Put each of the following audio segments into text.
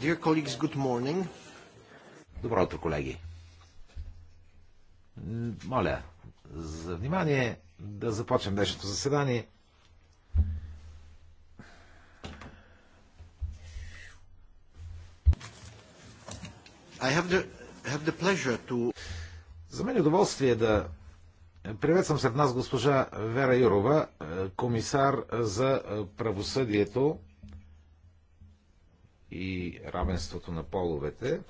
Dear colleagues, good morning. Добро утро, колеги. Моля за внимание да започнем днешното заседание. I have the, have the pleasure to... За мен е удоволствие да приветствам сред нас госпожа Вера Юрова, комисар за правосъдието и равенството на половете е,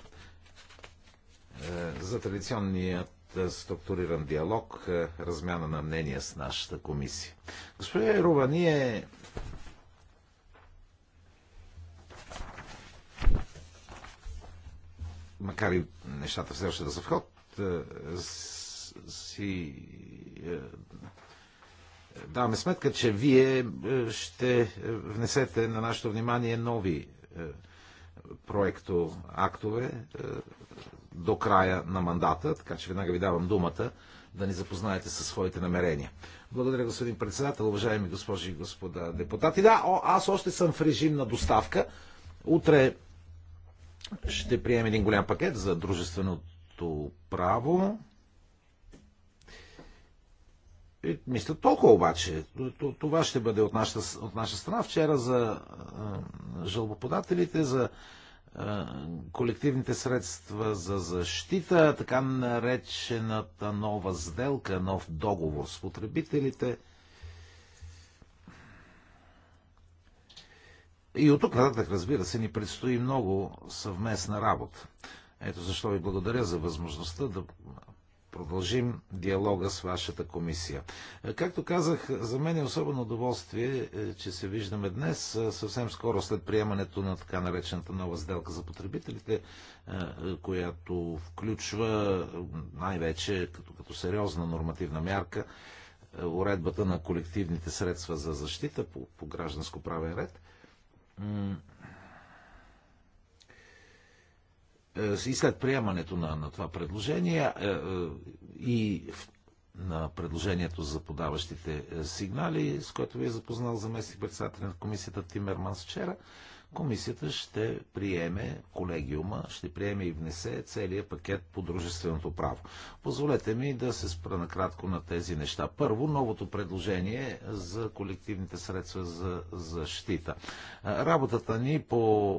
за традиционният е, структуриран диалог, е, размяна на мнения с нашата комисия. Господин Рува, ние макар и нещата все още да са в ход, си даваме сметка, че вие ще внесете на нашето внимание нови проекто актове е, до края на мандата, така че веднага ви давам думата да ни запознаете със своите намерения. Благодаря, господин председател, уважаеми госпожи и господа депутати. Да, о, аз още съм в режим на доставка. Утре ще приемем един голям пакет за дружественото право. И, мисля, толкова обаче. Това ще бъде от, от наша страна. Вчера за е, жалбоподателите, за колективните средства за защита, така наречената нова сделка, нов договор с потребителите. И от тук нататък, разбира се, ни предстои много съвместна работа. Ето защо ви благодаря за възможността да продължим диалога с вашата комисия. Е, както казах, за мен е особено удоволствие, е, че се виждаме днес, е, съвсем скоро след приемането на така наречената нова сделка за потребителите, която включва най-вече като, като сериозна нормативна мярка уредбата на колективните средства за защита по, по гражданско правен ред Е, и след приемането на, на това предложение е, е, и на предложението за подаващите сигнали, с което ви е запознал заместник председател на комисията Тимерманс вчера, комисията ще приеме колегиума, ще приеме и внесе целият пакет по дружественото право. Позволете ми да се спра накратко на тези неща. Първо, новото предложение за колективните средства за защита. Работата ни по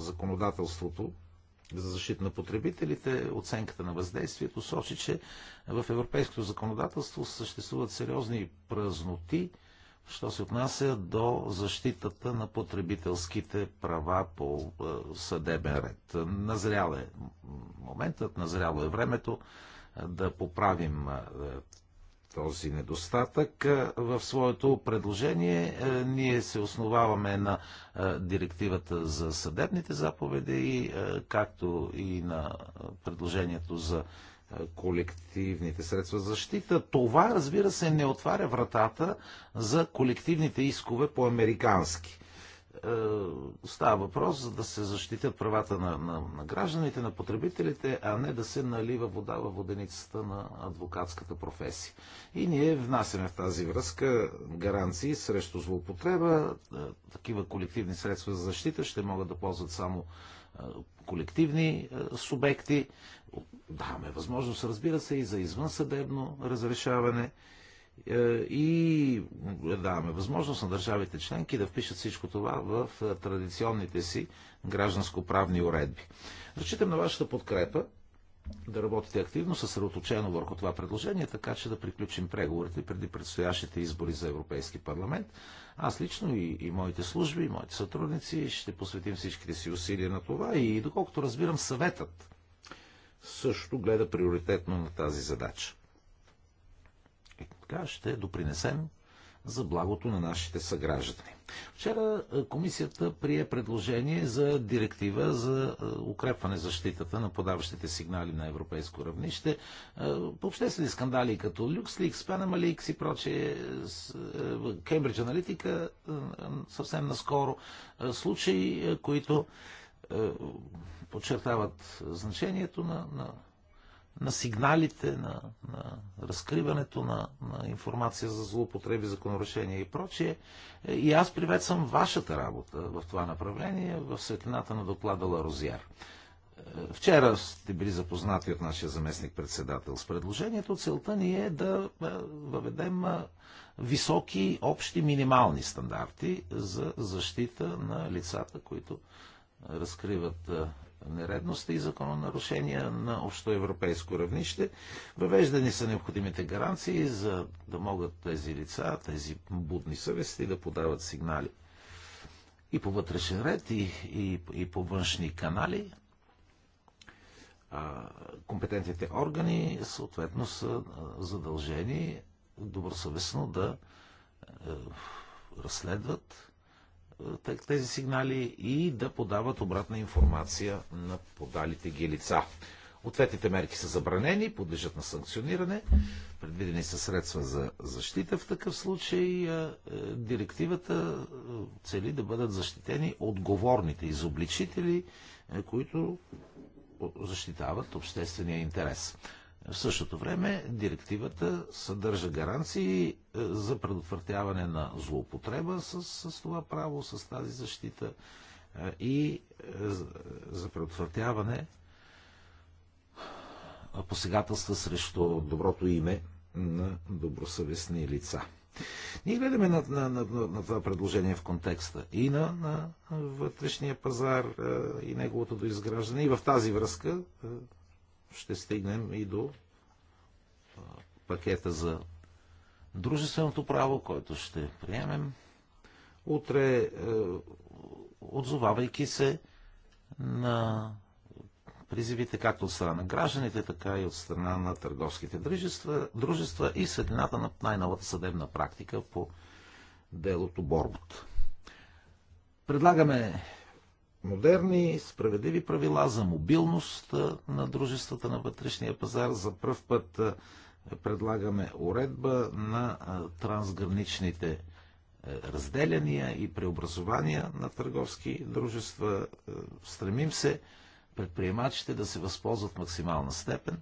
законодателството за защита на потребителите, оценката на въздействието сочи, че в европейското законодателство съществуват сериозни празноти, що се отнася до защитата на потребителските права по е, съдебен ред. Назрял е моментът, назряло е времето е, да поправим е, този недостатък. В своето предложение е, ние се основаваме на е, директивата за съдебните заповеди, и, е, както и на предложението за колективните средства за защита. Това, разбира се, не отваря вратата за колективните искове по-американски. Е, става въпрос за да се защитят правата на, на, на гражданите, на потребителите, а не да се налива вода във воденицата на адвокатската професия. И ние внасяме в тази връзка гаранции срещу злоупотреба. Е, такива колективни средства за защита ще могат да ползват само е, колективни субекти. Даваме възможност, разбира се, и за извънсъдебно разрешаване. Е, и даваме възможност на държавите членки да впишат всичко това в е, традиционните си гражданско-правни уредби. Разчитам на вашата подкрепа да работите активно, съсредоточено върху това предложение, така че да приключим преговорите преди предстоящите избори за Европейски парламент. Аз лично и, и моите служби, и моите сътрудници ще посветим всичките си усилия на това и доколкото разбирам съветът също гледа приоритетно на тази задача така ще допринесем за благото на нашите съграждани. Вчера е, комисията прие предложение за директива за е, укрепване защитата на подаващите сигнали на европейско равнище. Е, по обществени скандали като LuxLeaks, Panama и прочие Cambridge Analytica съвсем наскоро, случаи, които подчертават значението на, на на сигналите, на, на разкриването на, на информация за злоупотреби, законорушения и прочие. Е, и аз приветствам вашата работа в това направление в светлината на доклада Ларозяр. Е, вчера сте били запознати от нашия заместник-председател с предложението. Целта ни е да е, въведем високи, общи, минимални стандарти за защита на лицата, които разкриват нередности и закононарушения на общоевропейско равнище. Въвеждани са необходимите гаранции, за да могат тези лица, тези будни съвести да подават сигнали и по вътрешен ред, и, и, и по външни канали. компетентните органи съответно са задължени добросъвестно да е, разследват е, тези сигнали и да подават обратна информация на подалите ги лица. Ответните мерки са забранени, подлежат на санкциониране, предвидени са средства за защита. В такъв случай е, е, директивата цели да бъдат защитени отговорните изобличители, които защитават обществения интерес. В същото време директивата съдържа гаранции е, за предотвратяване на злоупотреба с, с това право, с тази защита е, и е, за предотвратяване посегателства срещу доброто име на добросъвестни лица. Ние гледаме на, на, на, на това предложение в контекста и на, на вътрешния пазар и неговото доизграждане. И в тази връзка ще стигнем и до пакета за дружественото право, който ще приемем утре, е, отзовавайки се на призивите както от страна на гражданите, така и от страна на търговските дружества, дружества и светлината на най-новата съдебна практика по делото Борбот. Предлагаме модерни, справедливи правила за мобилност на дружествата на вътрешния пазар. За първ път предлагаме уредба на трансграничните разделяния и преобразования на търговски дружества. Стремим се предприемачите да се възползват в максимална степен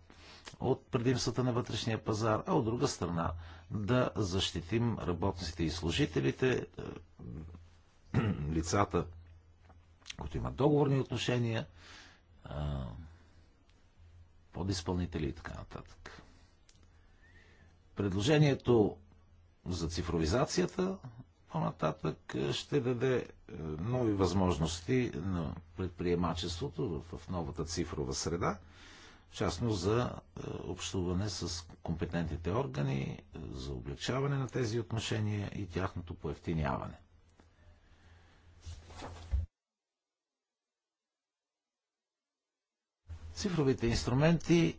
от предимствата на вътрешния пазар, а от друга страна да защитим работниците и служителите, лицата, които имат договорни отношения, подиспълнители и така нататък. Предложението за цифровизацията по-нататък ще даде нови възможности на предприемачеството в новата цифрова среда, в частност за общуване с компетентните органи, за облегчаване на тези отношения и тяхното поевтиняване. Цифровите инструменти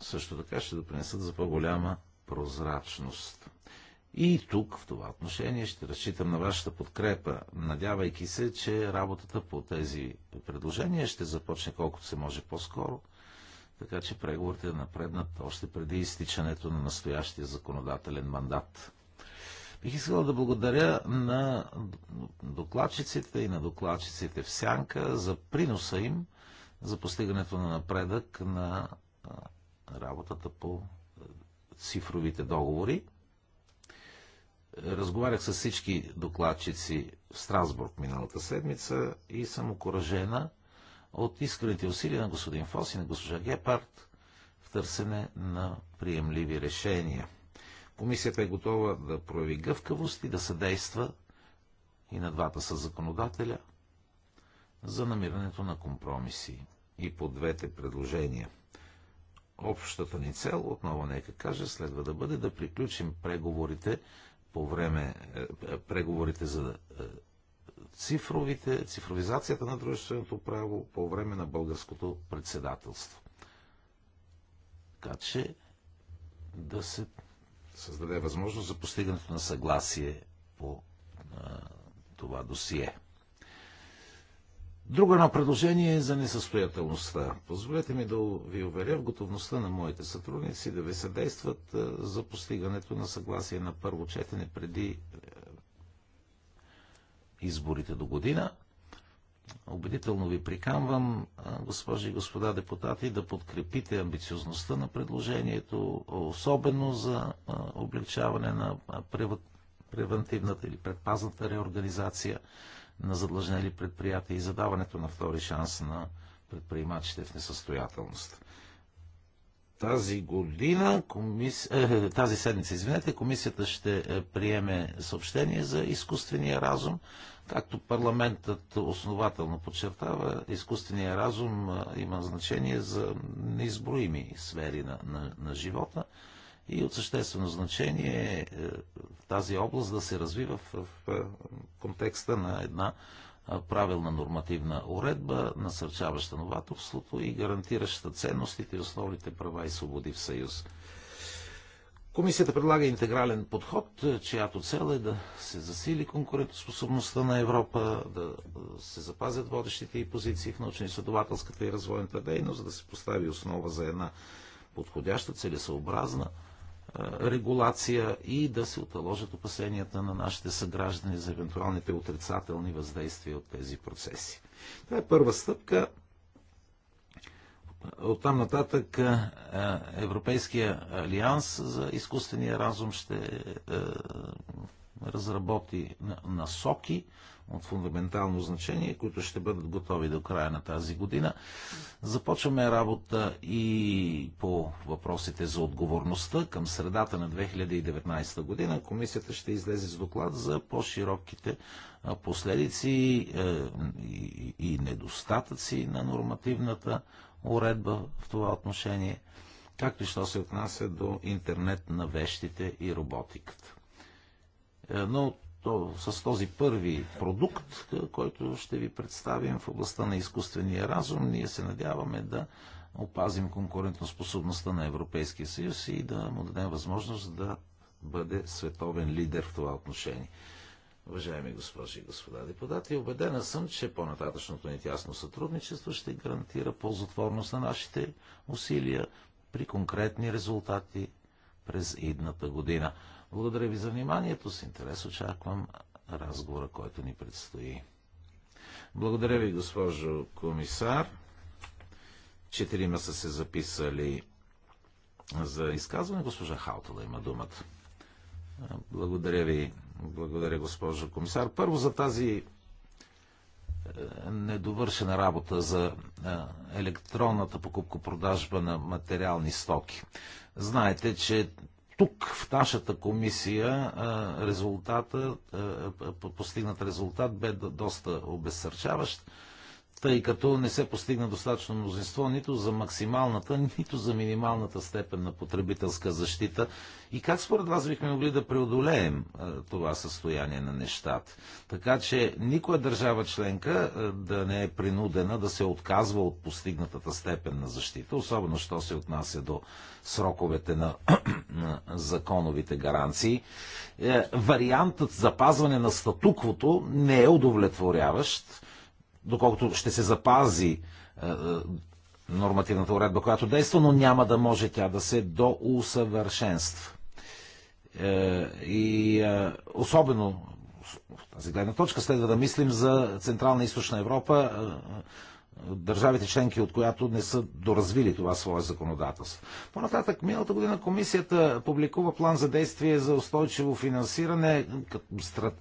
също така ще допринесат за по-голяма прозрачност. И тук, в това отношение, ще разчитам на вашата подкрепа, надявайки се, че работата по тези предложения ще започне колкото се може по-скоро, така че преговорите да напреднат още преди изтичането на настоящия законодателен мандат. Бих искал да благодаря на докладчиците и на докладчиците в Сянка за приноса им за постигането на напредък на работата по цифровите договори. Разговарях с всички докладчици в Страсбург миналата седмица и съм окоръжена от искрените усилия на господин Фос и на госпожа Гепард в търсене на приемливи решения. Комисията е готова да прояви гъвкавост и да съдейства и на двата са законодателя за намирането на компромиси и по двете предложения. Общата ни цел, отново нека кажа, следва да бъде да приключим преговорите по време е, е, преговорите за е, цифровите, цифровизацията на дружественото право по време на българското председателство. Така че да се създаде възможност за постигането на съгласие по а, това досие. Друго едно предложение е за несъстоятелността. Позволете ми да ви уверя в готовността на моите сътрудници да ви съдействат е, за постигането на съгласие на първо четене преди е, изборите до година. Убедително ви приканвам, е, госпожи и господа депутати, да подкрепите амбициозността на предложението, особено за облегчаване на превентивната или предпазната реорганизация на задлъжнели предприятия и за даването на втори шанс на предприемачите в несъстоятелност. Тази година, комис... Е, е, е, тази седмица, извинете, комисията ще приеме съобщение за изкуствения разум. Както парламентът основателно подчертава, изкуственият разум има значение за неизброими сфери на, на, на живота и от съществено значение е, е тази област да се развива в контекста на една правилна нормативна уредба, насърчаваща новаторството и гарантираща ценностите и основните права и свободи в Съюз. Комисията предлага интегрален подход, е, чиято цел е да се засили конкурентоспособността на Европа, да е, се запазят водещите и позиции в научно-изследователската и развойната дейност, да се постави основа за една подходяща, целесообразна, регулация и да се отложат опасенията на нашите съграждани за евентуалните отрицателни въздействия от тези процеси. Това е първа стъпка. От там нататък Европейския алианс за изкуствения разум ще разработи насоки от фундаментално значение, които ще бъдат готови до края на тази година. Започваме работа и по въпросите за отговорността. Към средата на 2019 година комисията ще излезе с доклад за по-широките последици е, и недостатъци на нормативната уредба в това отношение, както и що се отнася до интернет на вещите и роботиката. Но то, с този първи продукт, който ще ви представим в областта на изкуствения разум, ние се надяваме да опазим конкурентоспособността на Европейския съюз и да му дадем възможност да бъде световен лидер в това отношение. Уважаеми госпожи и господа депутати, убедена съм, че по-нататъчното ни тясно сътрудничество ще гарантира ползотворност на нашите усилия при конкретни резултати през идната година. Благодаря ви за вниманието. С интерес очаквам разговора, който ни предстои. Благодаря ви, госпожо комисар. Четирима са се записали за изказване. Госпожа Халтова има думата. Благодаря ви, благодаря, госпожо комисар. Първо за тази е, недовършена работа за е, електронната покупко-продажба на материални стоки. Знаете, че тук, в нашата комисия, резултата, постигнат резултат бе доста обезсърчаващ тъй като не се постигна достатъчно мнозинство нито за максималната, нито за минималната степен на потребителска защита. И как според вас бихме могли да преодолеем е, това състояние на нещата? Така че никоя държава членка е, да не е принудена да се отказва от постигнатата степен на защита, особено що се отнася до сроковете на, законовите гаранции. Е, вариантът запазване на статуквото не е удовлетворяващ доколкото ще се запази е, е, нормативната уредба, която действа, но няма да може тя да се доусъвършенства. Е, и особено в тази гледна точка следва да мислим за Централна и Източна Европа, държавите членки, от която не са доразвили това свое законодателство. По-нататък, миналата година комисията публикува план за действие за устойчиво финансиране,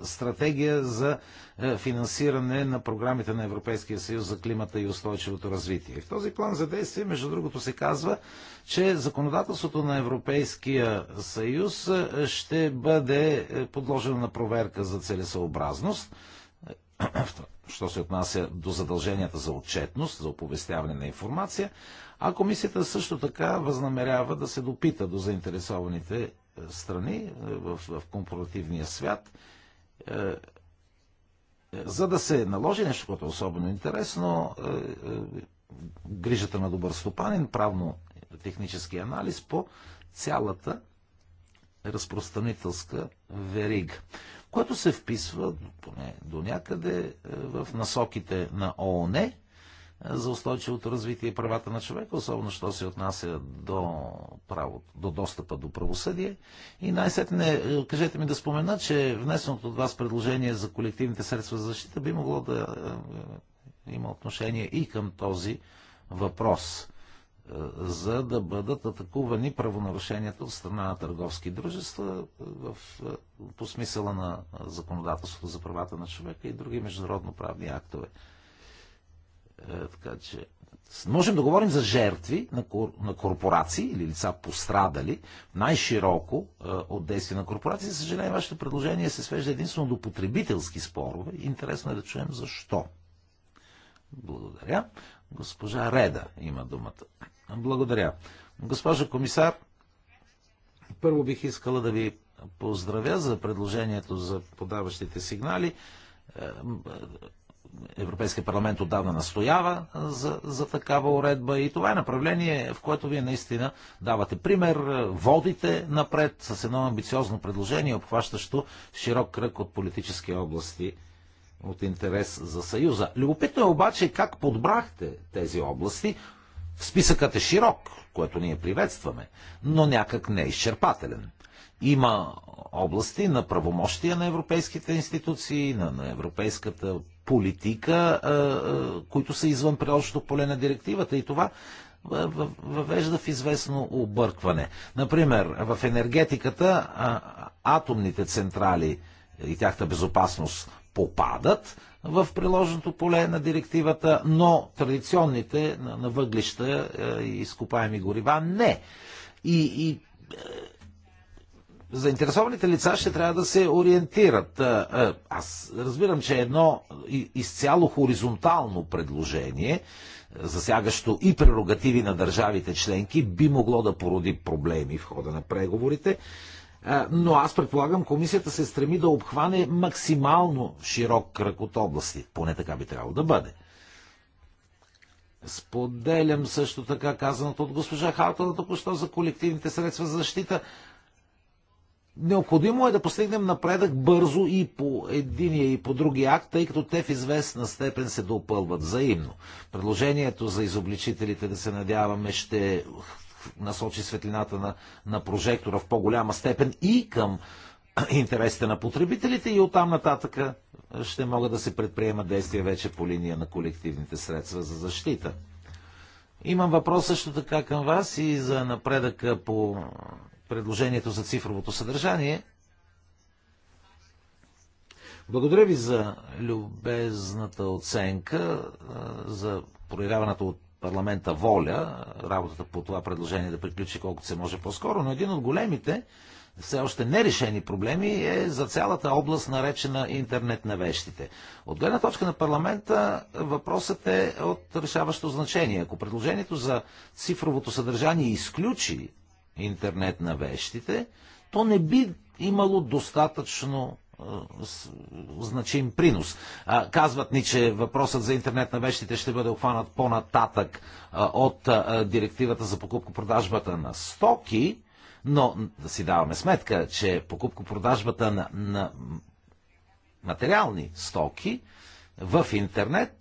стратегия за е, финансиране на програмите на Европейския съюз за климата и устойчивото развитие. В този план за действие, между другото, се казва, че законодателството на Европейския съюз е, ще бъде е, подложено на проверка за целесообразност. що се отнася до задълженията за отчетност, за оповестяване на информация, а комисията също така възнамерява да се допита до заинтересованите е, страни е, в, в компоративния свят, е, е, за да се наложи нещо, което е особено интересно, е, грижата на добър стопанин, правно-технически анализ по цялата разпространителска верига което се вписва поне до някъде е, в насоките на ООН е, за устойчивото развитие и правата на човека, особено що се отнася до, право, до достъпа до правосъдие. И най-сетне, е, кажете ми да спомена, че внесеното от вас предложение за колективните средства за защита би могло да има отношение и към този въпрос за да бъдат атакувани правонарушенията от страна на търговски дружества е, в, е, по смисъла на законодателството за правата на човека и други международно-правни актове. Е, така че можем да говорим за жертви на, кор, на корпорации или лица пострадали най-широко от действия на корпорации. За съжаление, вашето предложение се свежда единствено до потребителски спорове. Интересно е да чуем защо. Благодаря. Госпожа Реда има думата. Благодаря. Госпожо комисар, първо бих искала да ви поздравя за предложението за подаващите сигнали. Е, Европейския парламент отдавна настоява за, за такава уредба и това е направление, в което вие наистина давате пример, е, водите напред с едно амбициозно предложение, обхващащо широк кръг от политически области от интерес за Съюза. Любопитно е обаче как подбрахте тези области, Списъкът е широк, което ние приветстваме, но някак не е изчерпателен. Има области на правомощия на европейските институции, на, на европейската политика, а, а, които са извън приложното поле на директивата и това въвежда в известно объркване. Например, в енергетиката а, атомните централи и тяхта безопасност попадат в приложеното поле на директивата, но традиционните на, на въглища е, и изкопаеми горива не. И, и е, заинтересованите лица ще трябва да се ориентират. Е, аз разбирам, че едно изцяло хоризонтално предложение, засягащо и прерогативи на държавите членки, би могло да породи проблеми в хода на преговорите, но аз предполагам, комисията се стреми да обхване максимално широк кръг от области. Поне така би трябвало да бъде. Споделям също така казаното от госпожа Хартона току-що за колективните средства за защита. Необходимо е да постигнем напредък бързо и по единия и по другия акт, тъй като те в известна степен се допълват взаимно. Предложението за изобличителите да се надяваме ще насочи светлината на, на прожектора в по-голяма степен и към интересите на потребителите и оттам нататък ще могат да се предприемат действия вече по линия на колективните средства за защита. Имам въпрос също така към вас и за напредъка по предложението за цифровото съдържание. Благодаря ви за любезната оценка, за проявяваната от парламента воля работата по това предложение да приключи колкото се може по-скоро, но един от големите все още нерешени проблеми е за цялата област, наречена интернет на вещите. От гледна точка на парламента въпросът е от решаващо значение. Ако предложението за цифровото съдържание изключи интернет на вещите, то не би имало достатъчно значим принос. Казват ни, че въпросът за интернет на вещите ще бъде обхванат по-нататък от директивата за покупко-продажбата на стоки, но да си даваме сметка, че покупко-продажбата на, на материални стоки в интернет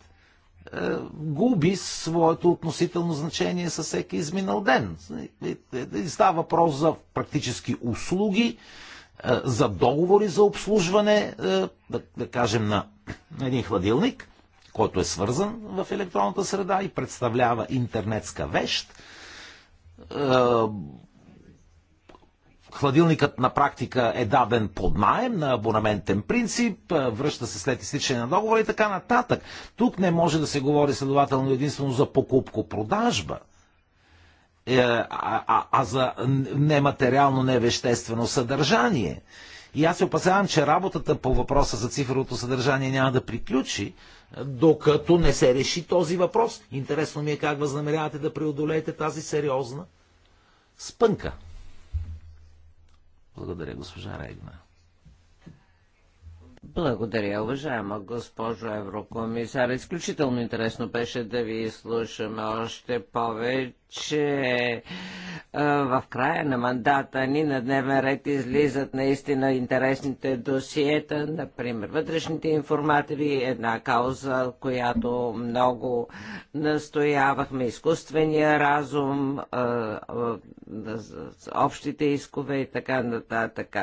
е, губи своето относително значение със всеки изминал ден. И става въпрос за практически услуги, е, за договори за обслужване, е, да, да кажем, на един хладилник, който е свързан в електронната среда и представлява интернетска вещ. Е, хладилникът на практика е даден под найем на абонаментен принцип, връща се след изтичане на договора и така нататък. Тук не може да се говори следователно единствено за покупко-продажба – е, а, а, а за нематериално, невеществено съдържание. И аз се опасявам, че работата по въпроса за цифровото съдържание няма да приключи, е, докато не се реши този въпрос. Интересно ми е как възнамерявате да преодолеете тази сериозна спънка. Благодаря, госпожа Регна. Благодаря, уважаема госпожо Еврокомисар. Изключително интересно беше да ви слушаме още повече че в края на мандата ни на дневен ред излизат наистина интересните досиета, например вътрешните информатори, една кауза, която много настоявахме, изкуствения разум, общите искове и така нататък.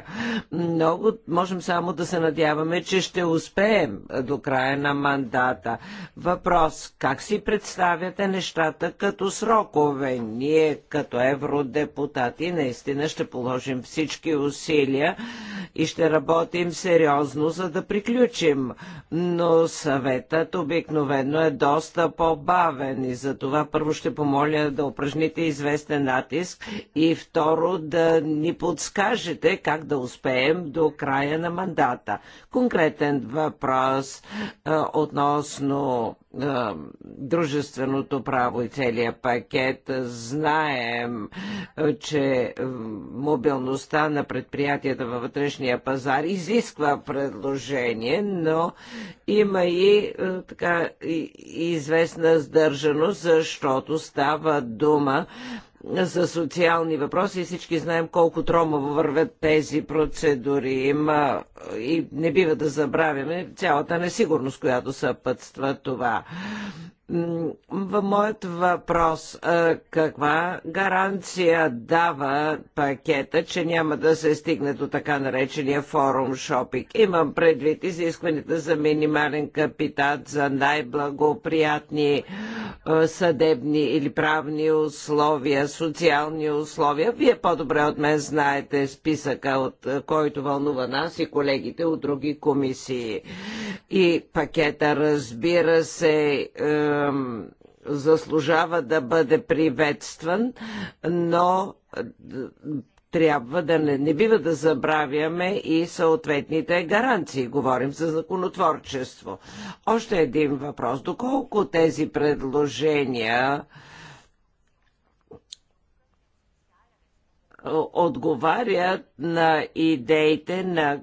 Много можем само да се надяваме, че ще успеем до края на мандата. Въпрос, как си представяте нещата като срокове? членове. Ние като евродепутати наистина ще положим всички усилия и ще работим сериозно, за да приключим. Но съветът обикновено е доста по-бавен и за това първо ще помоля да упражните известен натиск и второ да ни подскажете как да успеем до края на мандата. Конкретен въпрос относно дружественото право и целият пакет. Знаем, че мобилността на предприятията във вътрешния пазар изисква предложение, но има и така известна сдържаност, защото става дума за социални въпроси и всички знаем колко тромаво вървят тези процедури. Има и не бива да забравяме цялата несигурност, която съпътства това. Моят въпрос, каква гаранция дава пакета, че няма да се стигне до така наречения форум шопинг? Имам предвид изискването за минимален капитат, за най-благоприятни съдебни или правни условия, социални условия. Вие по-добре от мен знаете списъка, от който вълнува нас и колегите от други комисии. И пакета, разбира се, е, заслужава да бъде приветстван, но трябва да не, не бива да забравяме и съответните гаранции. Говорим за законотворчество. Още един въпрос. Доколко тези предложения отговарят на идеите на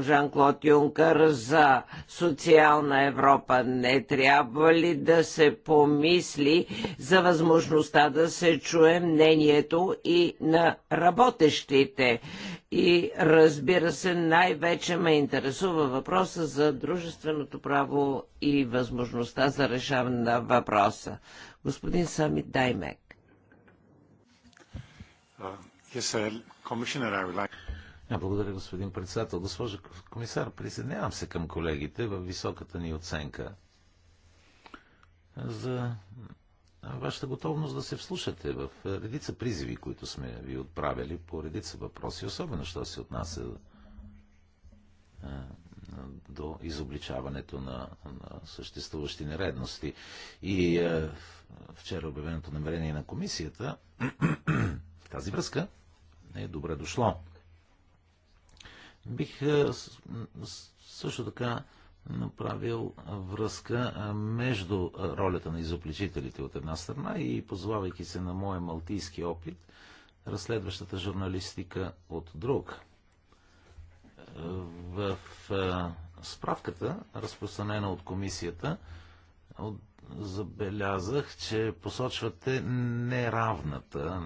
Жан-Клод Юнкър за социална Европа. Не трябва ли да се помисли за възможността да се чуе мнението и на работещите? И разбира се, най-вече ме интересува въпроса за дружественото право и възможността за решаване на въпроса. Господин Самит Даймек yeah, uh, благодаря, господин председател. Госпожо комисар, присъединявам се към колегите в високата ни оценка за вашата готовност да се вслушате в редица призиви, които сме ви отправили по редица въпроси, особено що се отнася до изобличаването на, на съществуващи нередности. И вчера обявеното намерение на комисията в тази връзка е добре дошло. Бих е, също така направил връзка е, между ролята на изобличителите от една страна и, позовавайки се на моя малтийски опит, разследващата журналистика от друг. Е, в справката, разпространена от комисията, от забелязах, че посочвате неравната,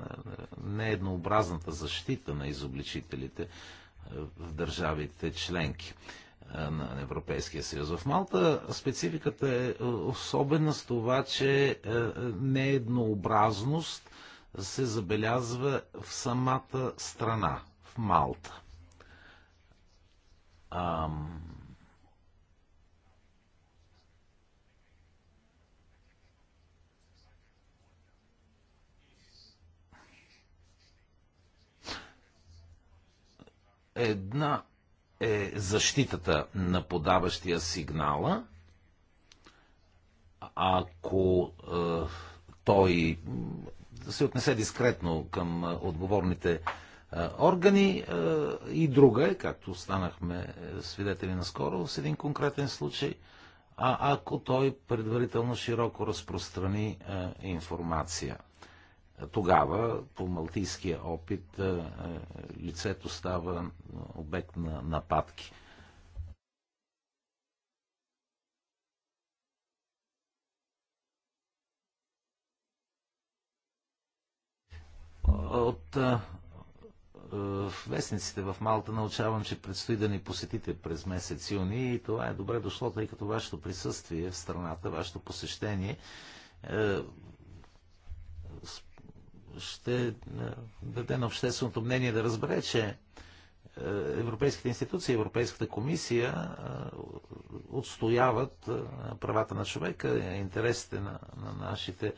нееднообразната защита на изобличителите в държавите членки на Европейския съюз. В Малта спецификата е особена с това, че нееднообразност се забелязва в самата страна, в Малта. Ам... Една е защитата на подаващия сигнала, ако е, той се отнесе дискретно към е, отговорните е, органи е, и друга е, както станахме е, свидетели наскоро с един конкретен случай, а ако той предварително широко разпространи е, информация тогава по малтийския опит е, е, лицето става обект на нападки. От а, е, в вестниците в Малта научавам, че предстои да ни посетите през месец юни и това е добре дошло, тъй като вашето присъствие в страната, вашето посещение е, ще е, даде на общественото мнение да разбере, че е, европейските институции, Европейската комисия е, отстояват правата на човека, интересите на, на нашите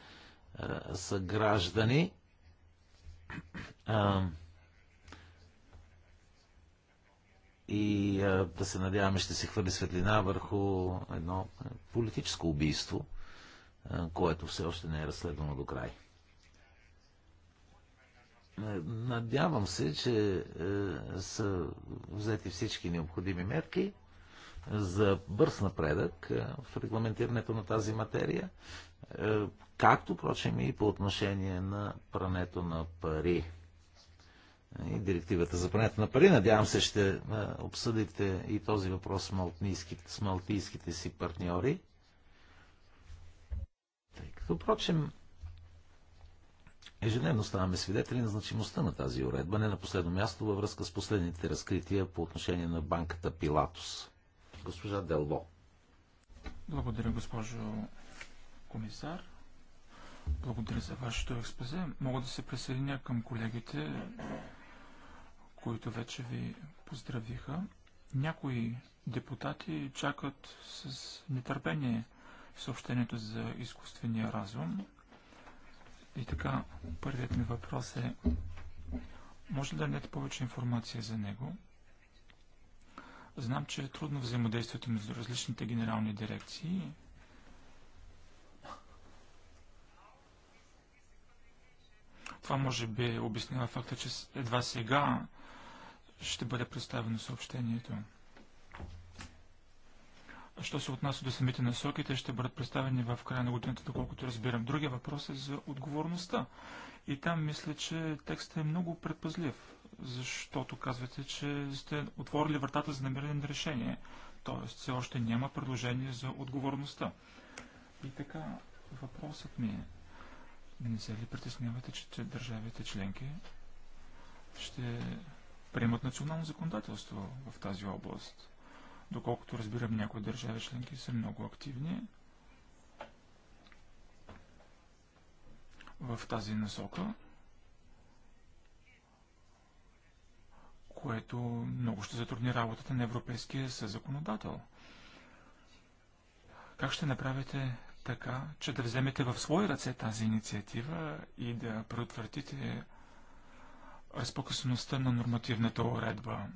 съграждани. И да се надяваме, ще се хвърли светлина върху едно политическо убийство, което все още не е разследвано до край. Надявам се, че е, са взети всички необходими мерки за бърз напредък е, в регламентирането на тази материя, е, както, прочим, и по отношение на прането на пари и директивата за прането на пари. Надявам се, ще обсъдите и този въпрос с, малтийските, с малтийските си партньори. Тъй като, прочим. Ежедневно ставаме свидетели на значимостта на тази уредба, не на последно място във връзка с последните разкрития по отношение на банката Пилатус. Госпожа Делво. Благодаря, госпожо комисар. Благодаря за вашето експозе. Мога да се присъединя към колегите, които вече ви поздравиха. Някои депутати чакат с нетърпение съобщението за изкуствения разум. И така, първият ми въпрос е, може ли да дадете повече информация за него? Знам, че е трудно взаимодействието между различните генерални дирекции. Това може би обяснява факта, че едва сега ще бъде представено съобщението. Що се отнася до самите насоки, те ще бъдат представени в края на годината, доколкото разбирам. Другия въпрос е за отговорността. И там мисля, че текстът е много предпазлив, защото казвате, че сте отворили вратата за намиране на решение. Тоест, все още няма предложение за отговорността. И така, въпросът ми е, не се ли притеснявате, че, че държавите членки ще приемат национално законодателство в тази област? Доколкото разбирам, някои държави членки са много активни в тази насока, което много ще затрудни работата на европейския съзаконодател. Как ще направите така, че да вземете в свои ръце тази инициатива и да предотвратите разпокъсността на нормативната уредба?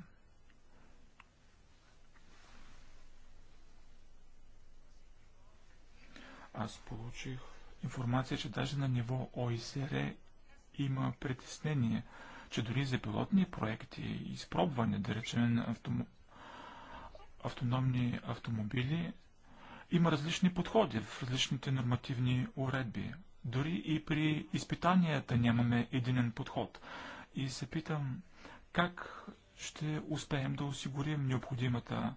Аз получих информация, че даже на ниво ОИСР има притеснение, че дори за пилотни проекти и изпробване, да речем, автом... автономни автомобили, има различни подходи в различните нормативни уредби. Дори и при изпитанията нямаме единен подход. И се питам, как ще успеем да осигурим необходимата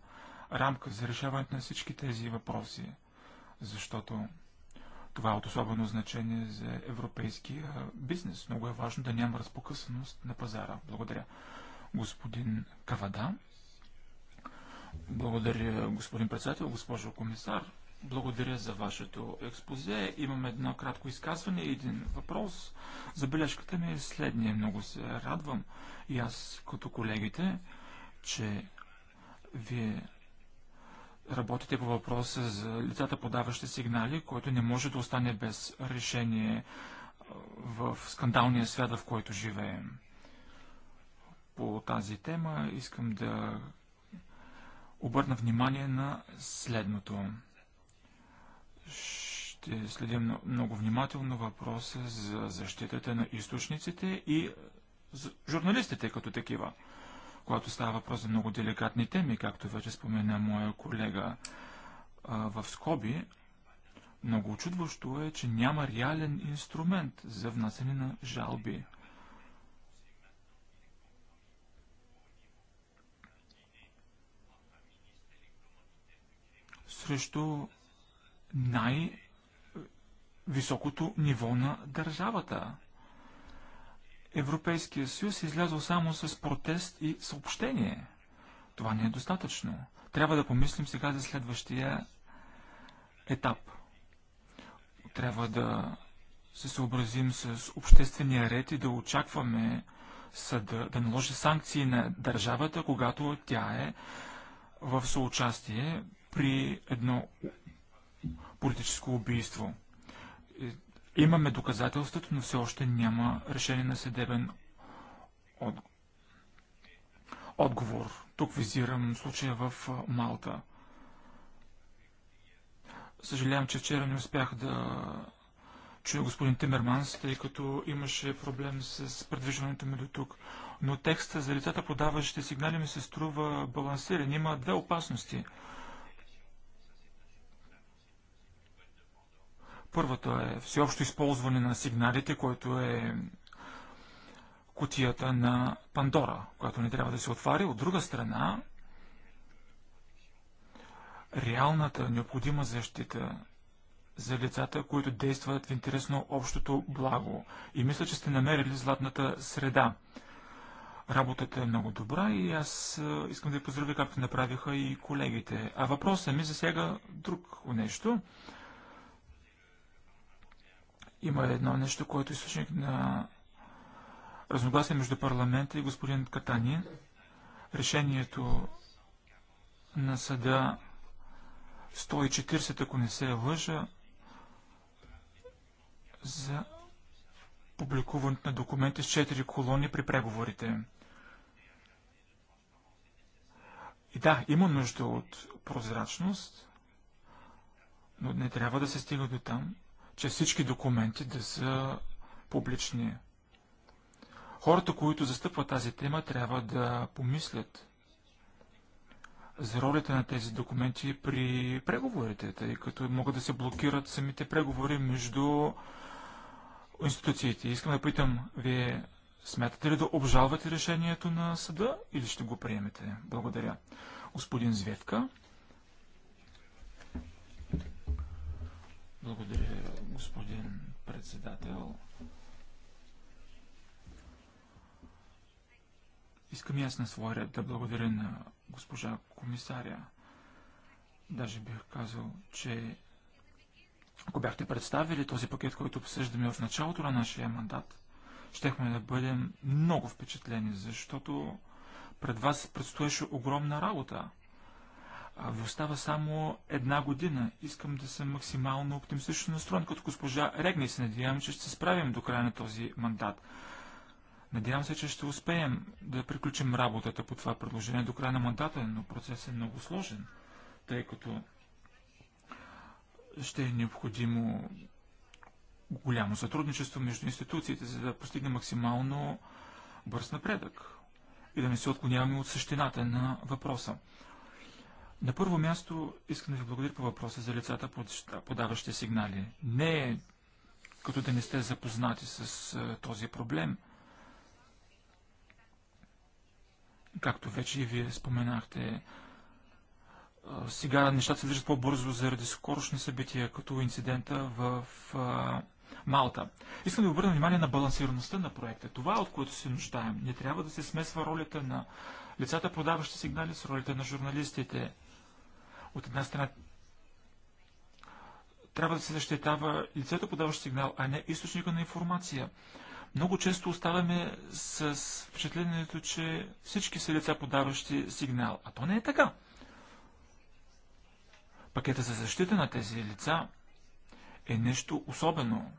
рамка за решаването на всички тези въпроси защото това е от особено значение за европейския бизнес. Много е важно да няма разпокъсаност на пазара. Благодаря. Господин Кавада. Благодаря, господин председател, госпожо комисар. Благодаря за вашето експозе. Имам едно кратко изказване и един въпрос. Забележката ми е следния. Много се радвам и аз като колегите, че вие работите по въпроса за лицата подаващи сигнали, който не може да остане без решение в скандалния свят, в който живеем. По тази тема искам да обърна внимание на следното. Ще следим много внимателно въпроса за защитата на източниците и журналистите като такива когато става въпрос за много деликатни теми, както вече спомена моя колега а, в Скоби, много очудващо е, че няма реален инструмент за внасяне на жалби. Срещу най-високото ниво на държавата. Европейския съюз е излязъл само с протест и съобщение. Това не е достатъчно. Трябва да помислим сега за следващия етап. Трябва да се съобразим с обществения ред и да очакваме съда да наложи санкции на държавата, когато тя е в съучастие при едно политическо убийство. Имаме доказателството, но все още няма решение на съдебен от... отговор. Тук визирам случая в Малта. Съжалявам, че вчера не успях да чуя господин Тимерманс, тъй като имаше проблем с предвижването ми до тук. Но текста за лицата, подаващите сигнали, ми се струва балансиран. Има две опасности – Първата е всеобщо използване на сигналите, което е кутията на Пандора, която не трябва да се отваря. От друга страна, реалната необходима защита за лицата, които действат в интересно общото благо. И мисля, че сте намерили златната среда. Работата е много добра и аз искам да ви поздравя, както направиха и колегите. А въпросът ми засяга друг нещо. Има едно нещо, което е източник на разногласие между парламента и господин Катани. Решението на съда 140, ако не се е лъжа, за публикуването на документи с 4 колони при преговорите. И да, има нужда от прозрачност, но не трябва да се стига до там, че всички документи да са публични. Хората, които застъпват тази тема, трябва да помислят за ролята на тези документи при преговорите, тъй като могат да се блокират самите преговори между институциите. Искам да питам, вие смятате ли да обжалвате решението на съда или ще го приемете? Благодаря. Господин Зветка. Благодаря, господин председател. Искам и аз на своя ред да благодаря на госпожа комисаря. Даже бих казал, че ако бяхте представили този пакет, който обсъждаме в началото на нашия мандат, щехме да бъдем много впечатлени, защото пред вас предстоеше огромна работа остава само една година. Искам да съм максимално оптимистично настроен, като госпожа Регни. се надявам, че ще се справим до края на този мандат. Надявам се, че ще успеем да приключим работата по това предложение до края на мандата, но процесът е много сложен, тъй като ще е необходимо голямо сътрудничество между институциите, за да постигне максимално бърз напредък и да не се отклоняваме от същината на въпроса. На първо място искам да ви благодаря по въпроса за лицата, подаващи сигнали. Не е като да не сте запознати с този проблем. Както вече и вие споменахте, сега нещата се движат по-бързо заради скорошни събития, като инцидента в а, Малта. Искам да обърна внимание на балансираността на проекта. Това от което се нуждаем. Не трябва да се смесва ролята на лицата, продаващи сигнали с ролята на журналистите. От една страна трябва да се защитава лицето, подаващо сигнал, а не източника на информация. Много често оставаме с впечатлението, че всички са лица, подаващи сигнал. А то не е така. Пакета за защита на тези лица е нещо особено.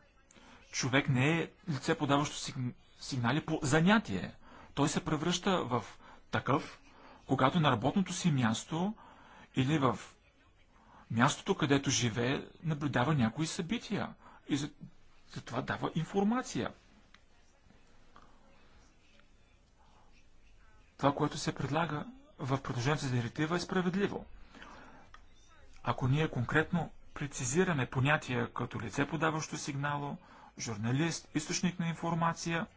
Човек не е лице, подаващо сигнали по занятие. Той се превръща в такъв, когато на работното си място или в мястото, където живее, наблюдава някои събития и за, за това дава информация. Това, което се предлага в продължението за директива е справедливо. Ако ние конкретно прецизираме понятия като лице подаващо сигнало, журналист, източник на информация,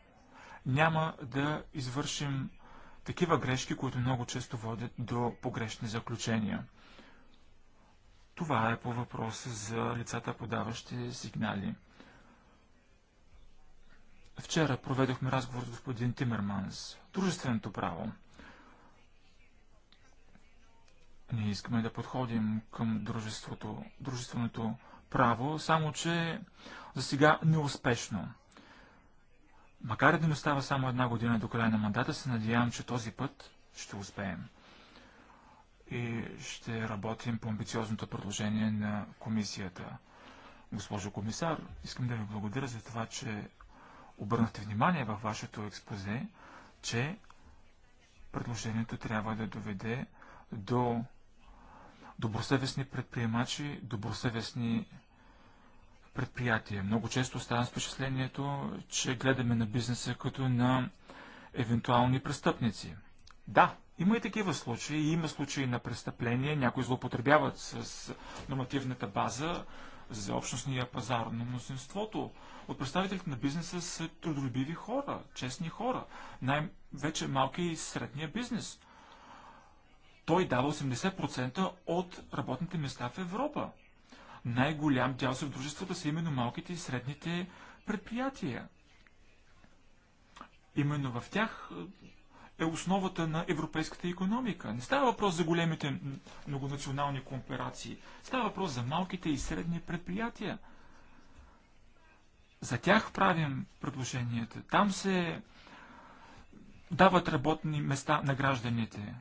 няма да извършим такива грешки, които много често водят до погрешни заключения. Това е по въпроса за лицата, подаващи сигнали. Вчера проведохме разговор с господин Тимерманс. Дружественото право. Ние искаме да подходим към дружеството, дружественото право, само че за сега неуспешно. Макар да ни остава само една година до края на мандата, се надявам, че този път ще успеем и ще работим по амбициозното предложение на комисията. Госпожо комисар, искам да ви благодаря за това, че обърнахте внимание във вашето експозе, че предложението трябва да доведе до добросъвестни предприемачи, добросъвестни предприятия. Много често оставам с впечатлението, че гледаме на бизнеса като на евентуални престъпници. Да, има и такива случаи, има случаи на престъпления, някои злоупотребяват с нормативната база за общностния пазар, но мнозинството от представителите на бизнеса са трудолюбиви хора, честни хора, най-вече малки и средния бизнес. Той дава 80% от работните места в Европа. Най-голям дял са в дружествата са именно малките и средните предприятия. Именно в тях е основата на европейската економика. Не става въпрос за големите многонационални кооперации. Става въпрос за малките и средни предприятия. За тях правим предложенията. Там се дават работни места на гражданите.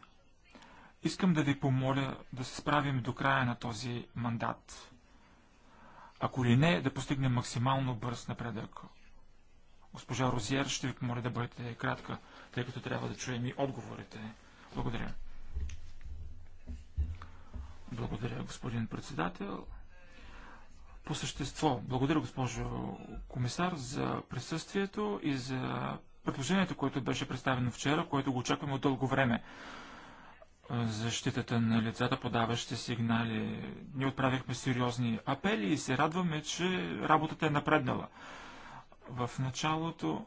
Искам да ви помоля да се справим до края на този мандат. Ако ли не, да постигнем максимално бърз напредък. Госпожа Розиер, ще ви помоля да бъдете кратка тъй като трябва да чуем и отговорите. Благодаря. Благодаря, господин председател. По същество, благодаря, госпожо комисар, за присъствието и за предложението, което беше представено вчера, което го очакваме от дълго време. Защитата на лицата, подаващи сигнали. Ние отправихме сериозни апели и се радваме, че работата е напреднала. В началото,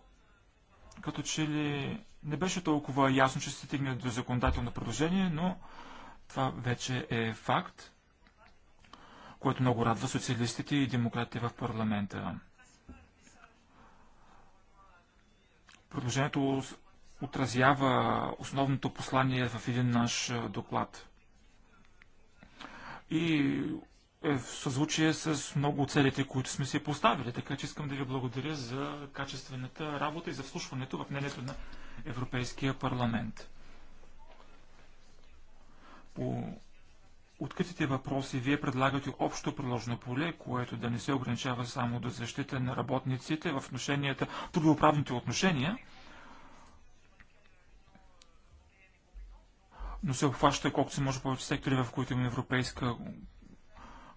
като че ли не беше толкова ясно, че се стигне до законодателно предложение, но това вече е факт, което много радва социалистите и демократите в парламента. Предложението отразява основното послание в един наш доклад. И е в съзвучие с много от целите, които сме си поставили. Така че искам да ви благодаря за качествената работа и за вслушването в мнението на Европейския парламент. По откритите въпроси вие предлагате общо приложно поле, което да не се ограничава само до защита на работниците в отношенията, трудоправните отношения, но се обхваща колкото се може повече сектори, в които има европейска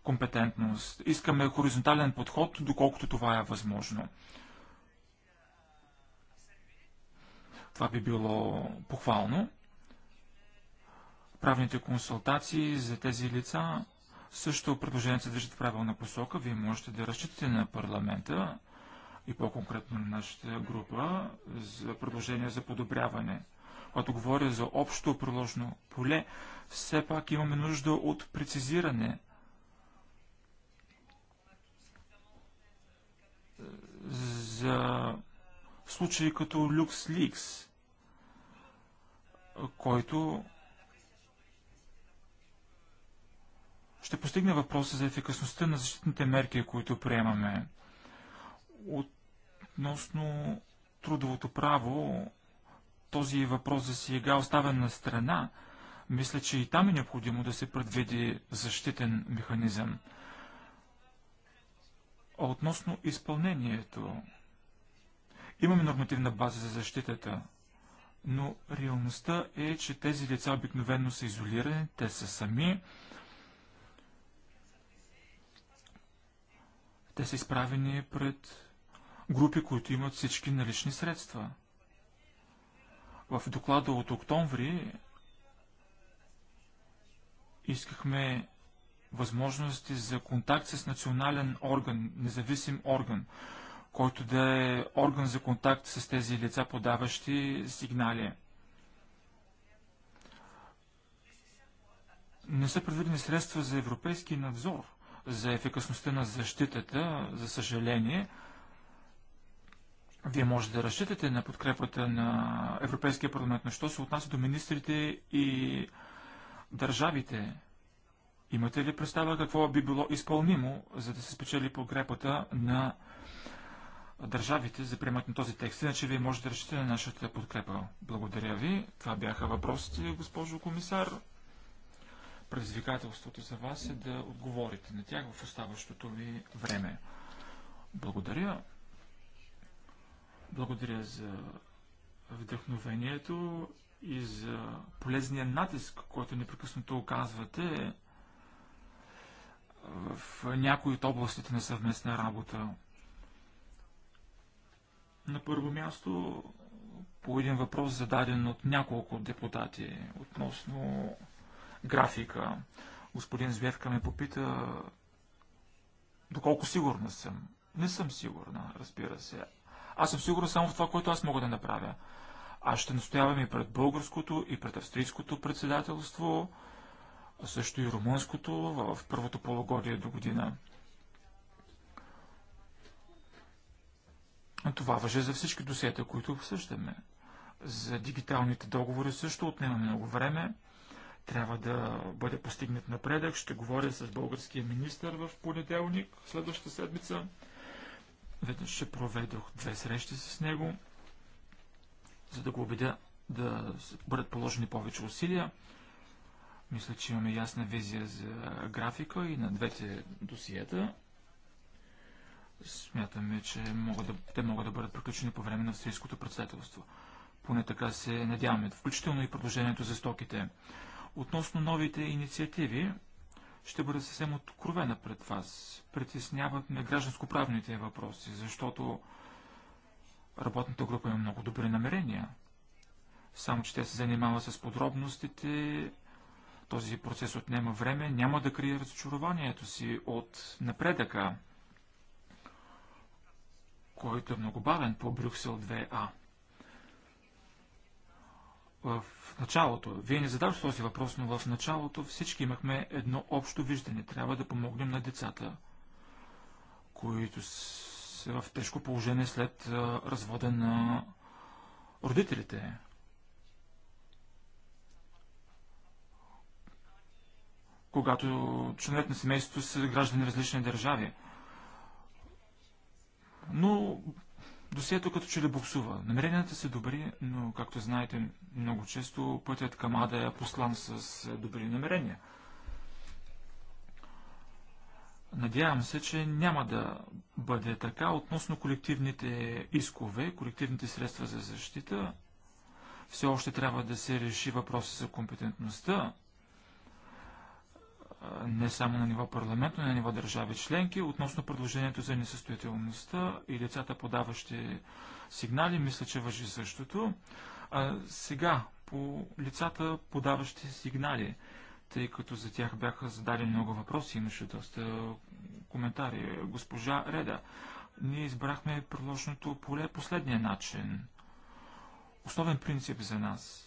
компетентност. Искаме хоризонтален подход, доколкото това е възможно. Това би било похвално. Правните консултации за тези лица също предложението се държат в правилна посока. Вие можете да разчитате на парламента и по-конкретно на нашата група за предложение за подобряване. Когато говоря за общо приложено поле, все пак имаме нужда от прецизиране. За случаи като LuxLeaks, който ще постигне въпроса за ефикасността на защитните мерки, които приемаме. Относно трудовото право, този въпрос за сега оставен на страна, мисля, че и там е необходимо да се предвиди защитен механизъм. А относно изпълнението, имаме нормативна база за защитата но реалността е, че тези деца обикновено са изолирани, те са сами. Те са изправени пред групи, които имат всички налични средства. В доклада от октомври искахме възможности за контакт с национален орган, независим орган, който да е орган за контакт с тези лица, подаващи сигнали. Не са предвидени средства за европейски надзор, за ефикасността на защитата, за съжаление. Вие може да разчитате на подкрепата на Европейския парламент, но що се отнася до министрите и държавите? Имате ли представа какво би било изпълнимо, за да се спечели подкрепата на държавите за приемат на този текст. Иначе вие можете да решите на нашата подкрепа. Благодаря ви. Това бяха въпросите, госпожо комисар. Предизвикателството за вас е да отговорите на тях в оставащото ви време. Благодаря. Благодаря за вдъхновението и за полезния натиск, който непрекъснато оказвате в някои от областите на съвместна работа. На първо място по един въпрос зададен от няколко депутати относно графика. Господин Звевка ме попита доколко сигурна съм. Не съм сигурна, разбира се. Аз съм сигурна само в това, което аз мога да направя. Аз ще настоявам и пред българското, и пред австрийското председателство, а също и румънското в първото полугодие до година. Това въже за всички досиета, които обсъждаме. За дигиталните договори също отнема много време. Трябва да бъде постигнат напредък. Ще говоря с българския министр в понеделник, следващата седмица. Веднъж ще проведох две срещи с него, за да го убедя да бъдат положени повече усилия. Мисля, че имаме ясна визия за графика и на двете досиета. Смятаме, че могат да, те могат да бъдат приключени по време на австрийското председателство. Поне така се надяваме, включително и продължението за стоките. Относно новите инициативи, ще бъда съвсем откровена пред вас. Притесняват ме гражданско-правните въпроси, защото работната група има много добри намерения. Само, че тя се занимава с подробностите, този процес отнема време, няма да крие разочарованието си от напредъка който е много бавен по Брюксел 2А. В началото, вие не задавате този въпрос, но в началото всички имахме едно общо виждане. Трябва да помогнем на децата, които са в тежко положение след развода на родителите. Когато членовете на семейството са граждани на различни държави – но досието като че ли буксува. Намеренията са добри, но, както знаете, много често пътят към Ада е послан с е, добри намерения. Надявам се, че няма да бъде така относно колективните искове, колективните средства за защита. Все още трябва да се реши въпроса за компетентността не само на ниво парламент, но и на ниво държави членки, относно предложението за несъстоятелността и децата подаващи сигнали, мисля, че въжи същото. А, сега, по лицата подаващи сигнали, тъй като за тях бяха зададени много въпроси, имаше доста коментари. Госпожа Реда, ние избрахме предложеното поле последния начин. Основен принцип за нас –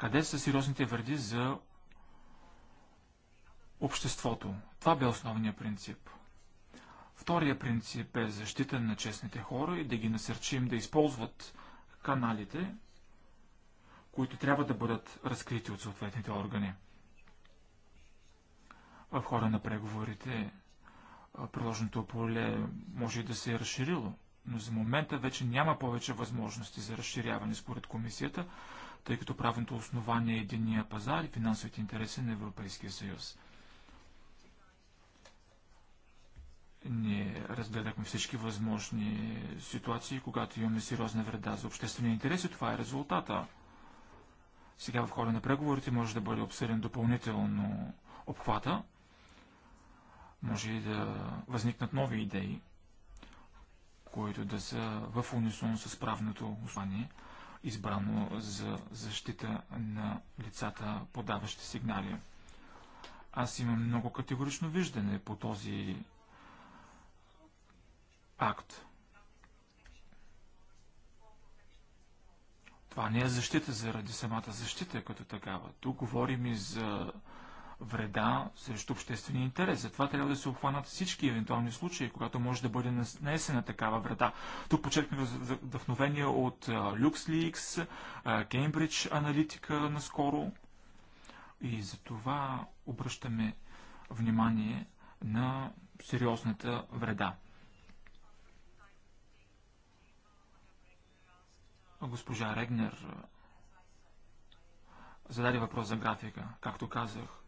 Къде са сериозните вреди за обществото? Това бе основният принцип. Втория принцип е защита на честните хора и да ги насърчим да използват каналите, които трябва да бъдат разкрити от съответните органи. В хора на преговорите приложното поле може и да се е разширило, но за момента вече няма повече възможности за разширяване според комисията, тъй като правното основание е единния пазар и финансовите интереси на Европейския съюз. Ние разгледахме всички възможни ситуации, когато имаме сериозна вреда за обществени интереси. Това е резултата. Сега в хода на преговорите може да бъде обсъден допълнително обхвата. Може и да възникнат нови идеи, които да са в унисон с правното основание избрано за защита на лицата, подаващи сигнали. Аз имам много категорично виждане по този акт. Това не е защита заради самата защита като такава. Тук говорим и за вреда срещу обществения интерес. Затова трябва да се обхванат всички евентуални случаи, когато може да бъде нанесена такава вреда. Тук почерпим вдъхновение от LuxLeaks, Cambridge Analytica наскоро. И за това обръщаме внимание на сериозната вреда. Госпожа Регнер зададе въпрос за графика. Както казах,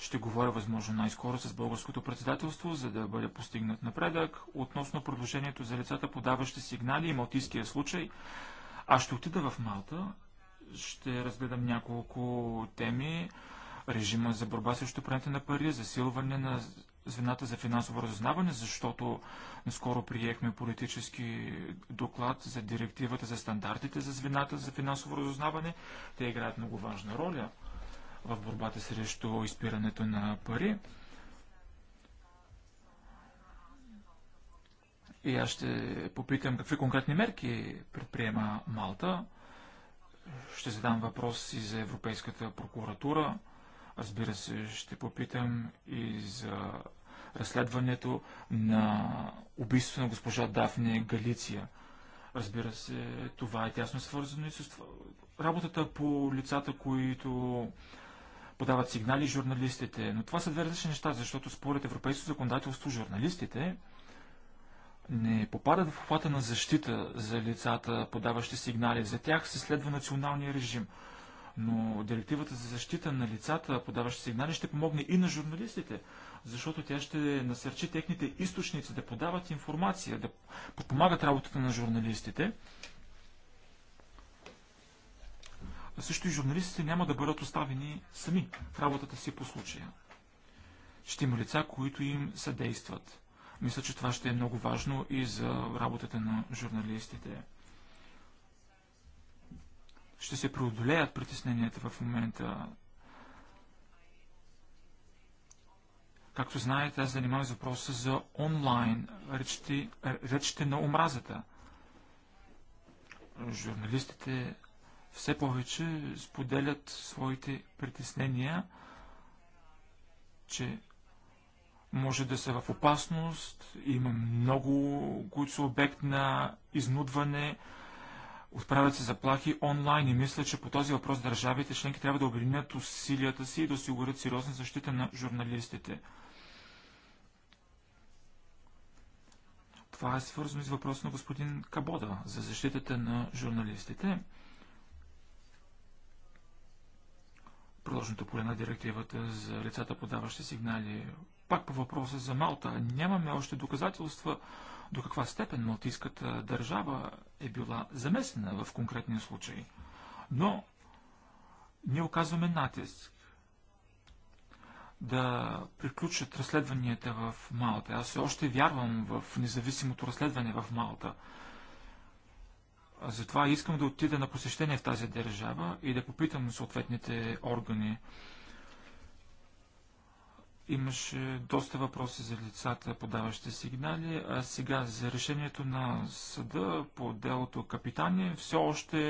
ще говоря възможно най-скоро с българското председателство, за да бъде постигнат напредък относно предложението за лицата, подаващи сигнали и малтийския случай. Аз ще отида в Малта, ще разгледам няколко теми. Режима за борба срещу прането на пари, засилване на звената за финансово разузнаване, защото наскоро приехме политически доклад за директивата за стандартите за звената за финансово разузнаване. Те играят много важна роля в борбата срещу изпирането на пари. И аз ще попитам какви конкретни мерки предприема Малта. Ще задам въпрос и за Европейската прокуратура. Разбира се, ще попитам и за разследването на убийството на госпожа Дафне Галиция. Разбира се, това е тясно свързано и с работата по лицата, които подават сигнали журналистите. Но това са две различни неща, защото според европейското законодателство журналистите не попадат в обхвата на защита за лицата, подаващи сигнали. За тях се следва националния режим. Но директивата за защита на лицата, подаващи сигнали, ще помогне и на журналистите, защото тя ще насърчи техните източници да подават информация, да подпомагат работата на журналистите също и журналистите няма да бъдат оставени сами в работата си по случая. Ще има лица, които им съдействат. Мисля, че това ще е много важно и за работата на журналистите. Ще се преодолеят притесненията в момента. Както знаете, аз занимавам с въпроса за онлайн речите, речите на омразата. Журналистите все повече споделят своите притеснения, че може да са в опасност, има много, които са обект на изнудване, отправят се заплахи онлайн и мисля, че по този въпрос държавите членки трябва да обединят усилията си и да осигурят сериозна защита на журналистите. Това е свързано с въпрос на господин Кабода за защитата на журналистите. Продължното поле на директивата за лицата подаващи сигнали. Пак по въпроса за Малта, нямаме още доказателства до каква степен малтийската държава е била замесена в конкретния случай. Но ние оказваме натиск да приключат разследванията в Малта. Аз още вярвам в независимото разследване в Малта. Затова искам да отида на посещение в тази държава и да попитам съответните органи. Имаше доста въпроси за лицата, подаващи сигнали, а сега за решението на съда по делото Капитани все още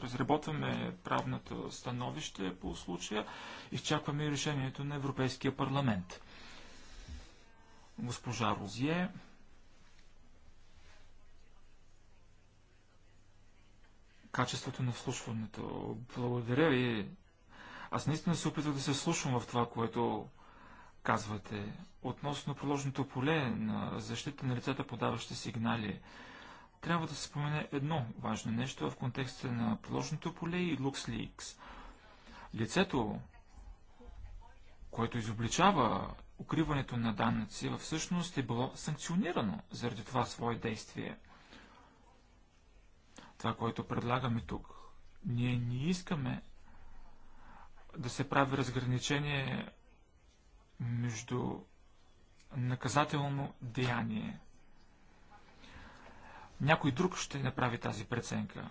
разработваме правната становище по случая. Изчакваме решението на Европейския парламент. Госпожа Розие. качеството на вслушването. Благодаря ви. Аз наистина се опитвам да се слушам в това, което казвате. Относно проложното поле на защита на лицата, подаващи сигнали, трябва да се спомене едно важно нещо в контекста на проложното поле и LuxLeaks. Лицето, което изобличава укриването на данъци, всъщност е било санкционирано заради това свое действие това, което предлагаме тук. Ние не искаме да се прави разграничение между наказателно деяние. Някой друг ще направи тази преценка,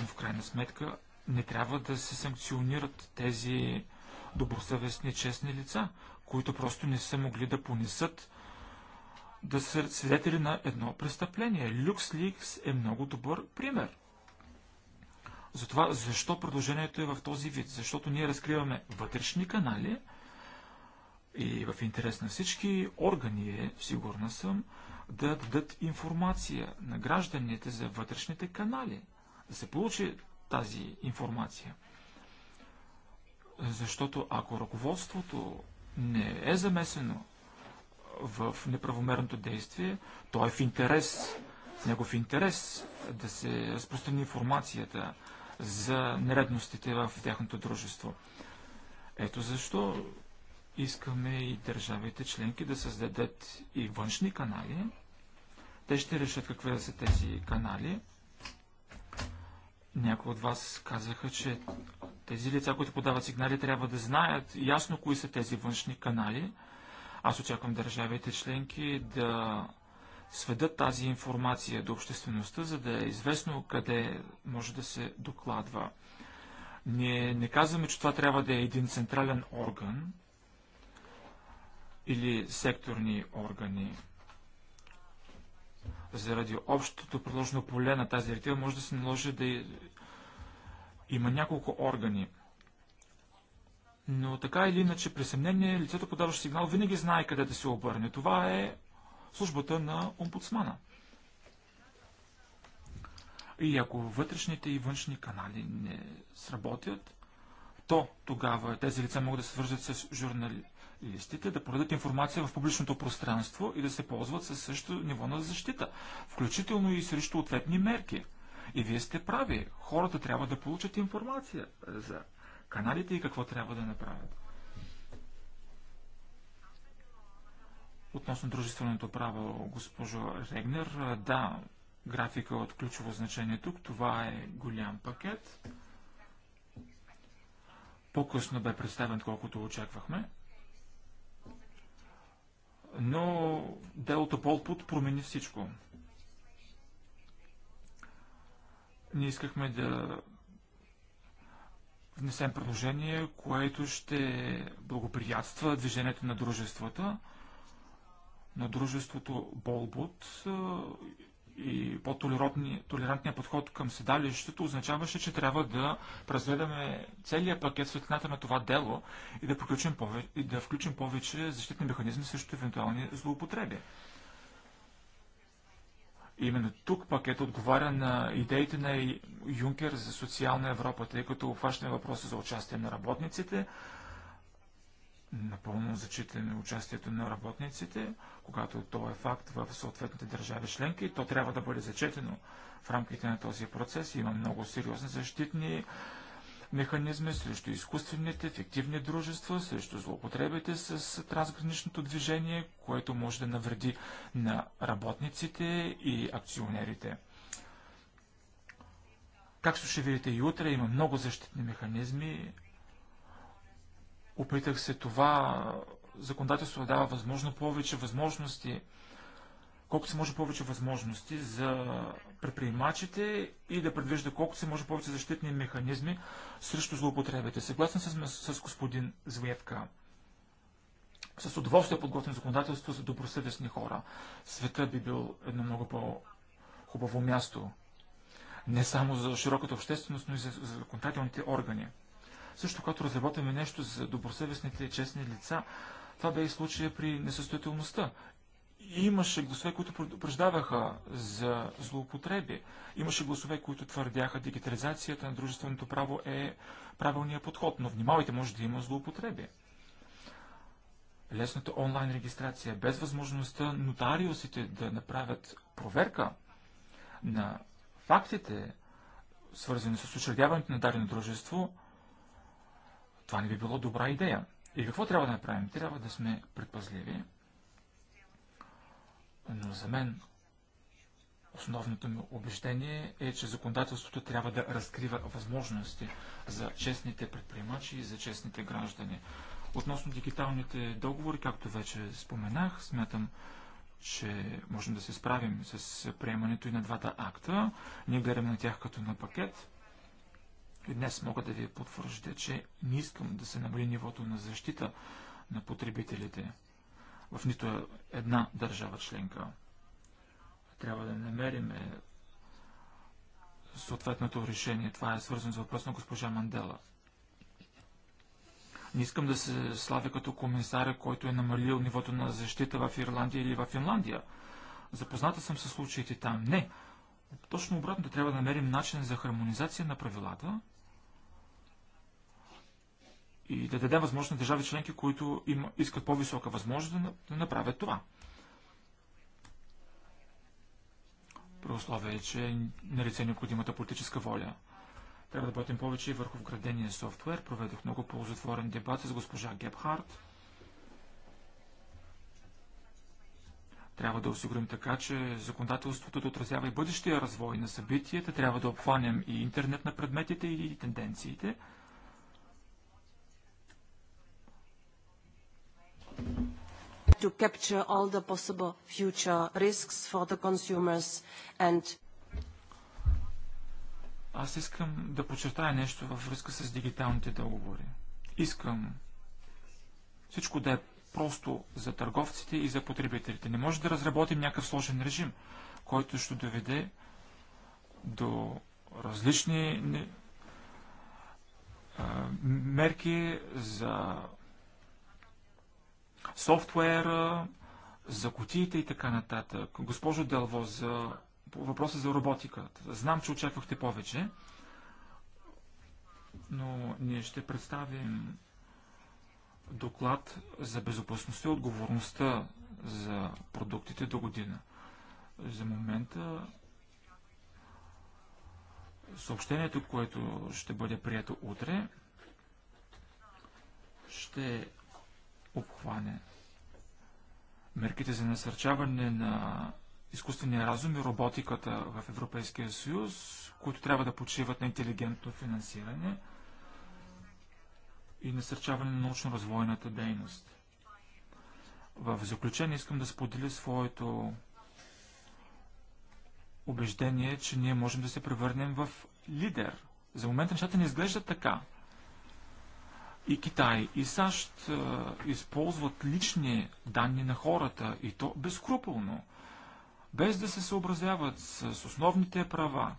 но в крайна сметка не трябва да се санкционират тези добросъвестни, честни лица, които просто не са могли да понесат да са свидетели на едно престъпление. Люкс Ликс е много добър пример за това защо предложението е в този вид. Защото ние разкриваме вътрешни канали и в интерес на всички органи е, сигурна съм, да дадат информация на гражданите за вътрешните канали. Да се получи тази информация. Защото ако ръководството не е замесено в неправомерното действие, то е в интерес, в негов интерес да се разпространи информацията, за нередностите в тяхното дружество. Ето защо искаме и държавите членки да създадат и външни канали. Те ще решат какви да са тези канали. Някои от вас казаха, че тези лица, които подават сигнали, трябва да знаят ясно кои са тези външни канали. Аз очаквам държавите членки да сведат тази информация до обществеността, за да е известно къде може да се докладва. Ние не казваме, че това трябва да е един централен орган или секторни органи. Заради общото предложено поле на тази директива може да се наложи да има няколко органи. Но така или иначе, при съмнение, лицето подаващо сигнал винаги знае къде да се обърне. Това е службата на омбудсмана. И ако вътрешните и външни канали не сработят, то тогава тези лица могат да се свържат с журналистите, да продадат информация в публичното пространство и да се ползват със същото ниво на защита, включително и срещу ответни мерки. И вие сте прави. Хората трябва да получат информация за каналите и какво трябва да направят. Относно дружественото право, госпожо Регнер, да, графика е от ключово значение тук. Това е голям пакет. По-късно бе представен, колкото очаквахме. Но делото Полпут промени всичко. Ние искахме да внесем предложение, което ще благоприятства движението на дружествата – на дружеството Болбут и по-толерантния подход към седалището означаваше, че трябва да разгледаме целия пакет светлината на това дело и да, включим повече, и да включим повече защитни механизми срещу евентуални злоупотреби. Именно тук пакет отговаря на идеите на Юнкер за социална Европа, тъй като обхващаме въпроса за участие на работниците, напълно на участието на работниците, когато то е факт в съответните държави членки, то трябва да бъде зачетено в рамките на този процес. Има много сериозни защитни механизми срещу изкуствените, фиктивни дружества, срещу злоупотребите с трансграничното движение, което може да навреди на работниците и акционерите. Както ще видите и утре, има много защитни механизми. Опитах се това законодателство дава възможно повече възможности, колкото се може повече възможности за предприемачите и да предвижда колкото се може повече защитни механизми срещу злоупотребите. Съгласен съм с, с господин Звевка. С удоволствие подготвим законодателство за добросъвестни хора. Света би бил едно много по-хубаво място. Не само за широката общественост, но и за, за законодателните органи също като разработваме нещо за добросъвестните честни лица, това бе и случая при несъстоятелността. Имаше гласове, които предупреждаваха за злоупотреби. Имаше гласове, които твърдяха, дигитализацията на дружественото право е правилният подход. Но внимавайте, може да има злоупотреби. Лесната онлайн регистрация, без възможността нотариусите да направят проверка на фактите, свързани с учредяването на дадено дружество, това не би било добра идея. И какво трябва да направим? Трябва да сме предпазливи. Но за мен основното ми убеждение е, че законодателството трябва да разкрива възможности за честните предприемачи и за честните граждани. Относно дигиталните договори, както вече споменах, смятам, че можем да се справим с приемането и на двата акта. Ние гледаме на тях като на пакет. И днес мога да ви потвържда, че не искам да се намали нивото на защита на потребителите в нито една държава членка. Трябва да намерим съответното решение. Това е свързано с въпрос на госпожа Мандела. Не искам да се славя като комисаря, който е намалил нивото на защита в Ирландия или в Финландия. Запозната съм със случаите там. Не. Точно обратно трябва да намерим начин за хармонизация на правилата, и да дадем възможност на държави членки, които им искат по-висока възможност да, да направят това. При условие, че лице е необходимата политическа воля. Трябва да работим повече и върху вградения софтуер. Проведох много ползотворен дебат с госпожа Гебхарт. Трябва да осигурим така, че законодателството да отразява и бъдещия развой на събитията. Трябва да обхванем и интернет на предметите и тенденциите – to capture all the possible future risks for the consumers and Аз искам да подчертая нещо във връзка с дигиталните договори. Искам всичко да е просто за търговците и за потребителите. Не може да разработим някакъв сложен режим, който ще доведе до различни мерки за софтуера, за кутиите и така нататък. Госпожо Делво, за въпроса за роботиката. Знам, че очаквахте повече, но ние ще представим доклад за безопасността и отговорността за продуктите до година. За момента съобщението, което ще бъде прието утре, ще обхване. Мерките за насърчаване на изкуствения разум и роботиката в Европейския съюз, които трябва да почиват на интелигентно финансиране и насърчаване на научно-развойната дейност. В заключение искам да споделя своето убеждение, че ние можем да се превърнем в лидер. За момента нещата не изглеждат така и Китай и САЩ използват лични данни на хората и то безкруполно, без да се съобразяват с основните права,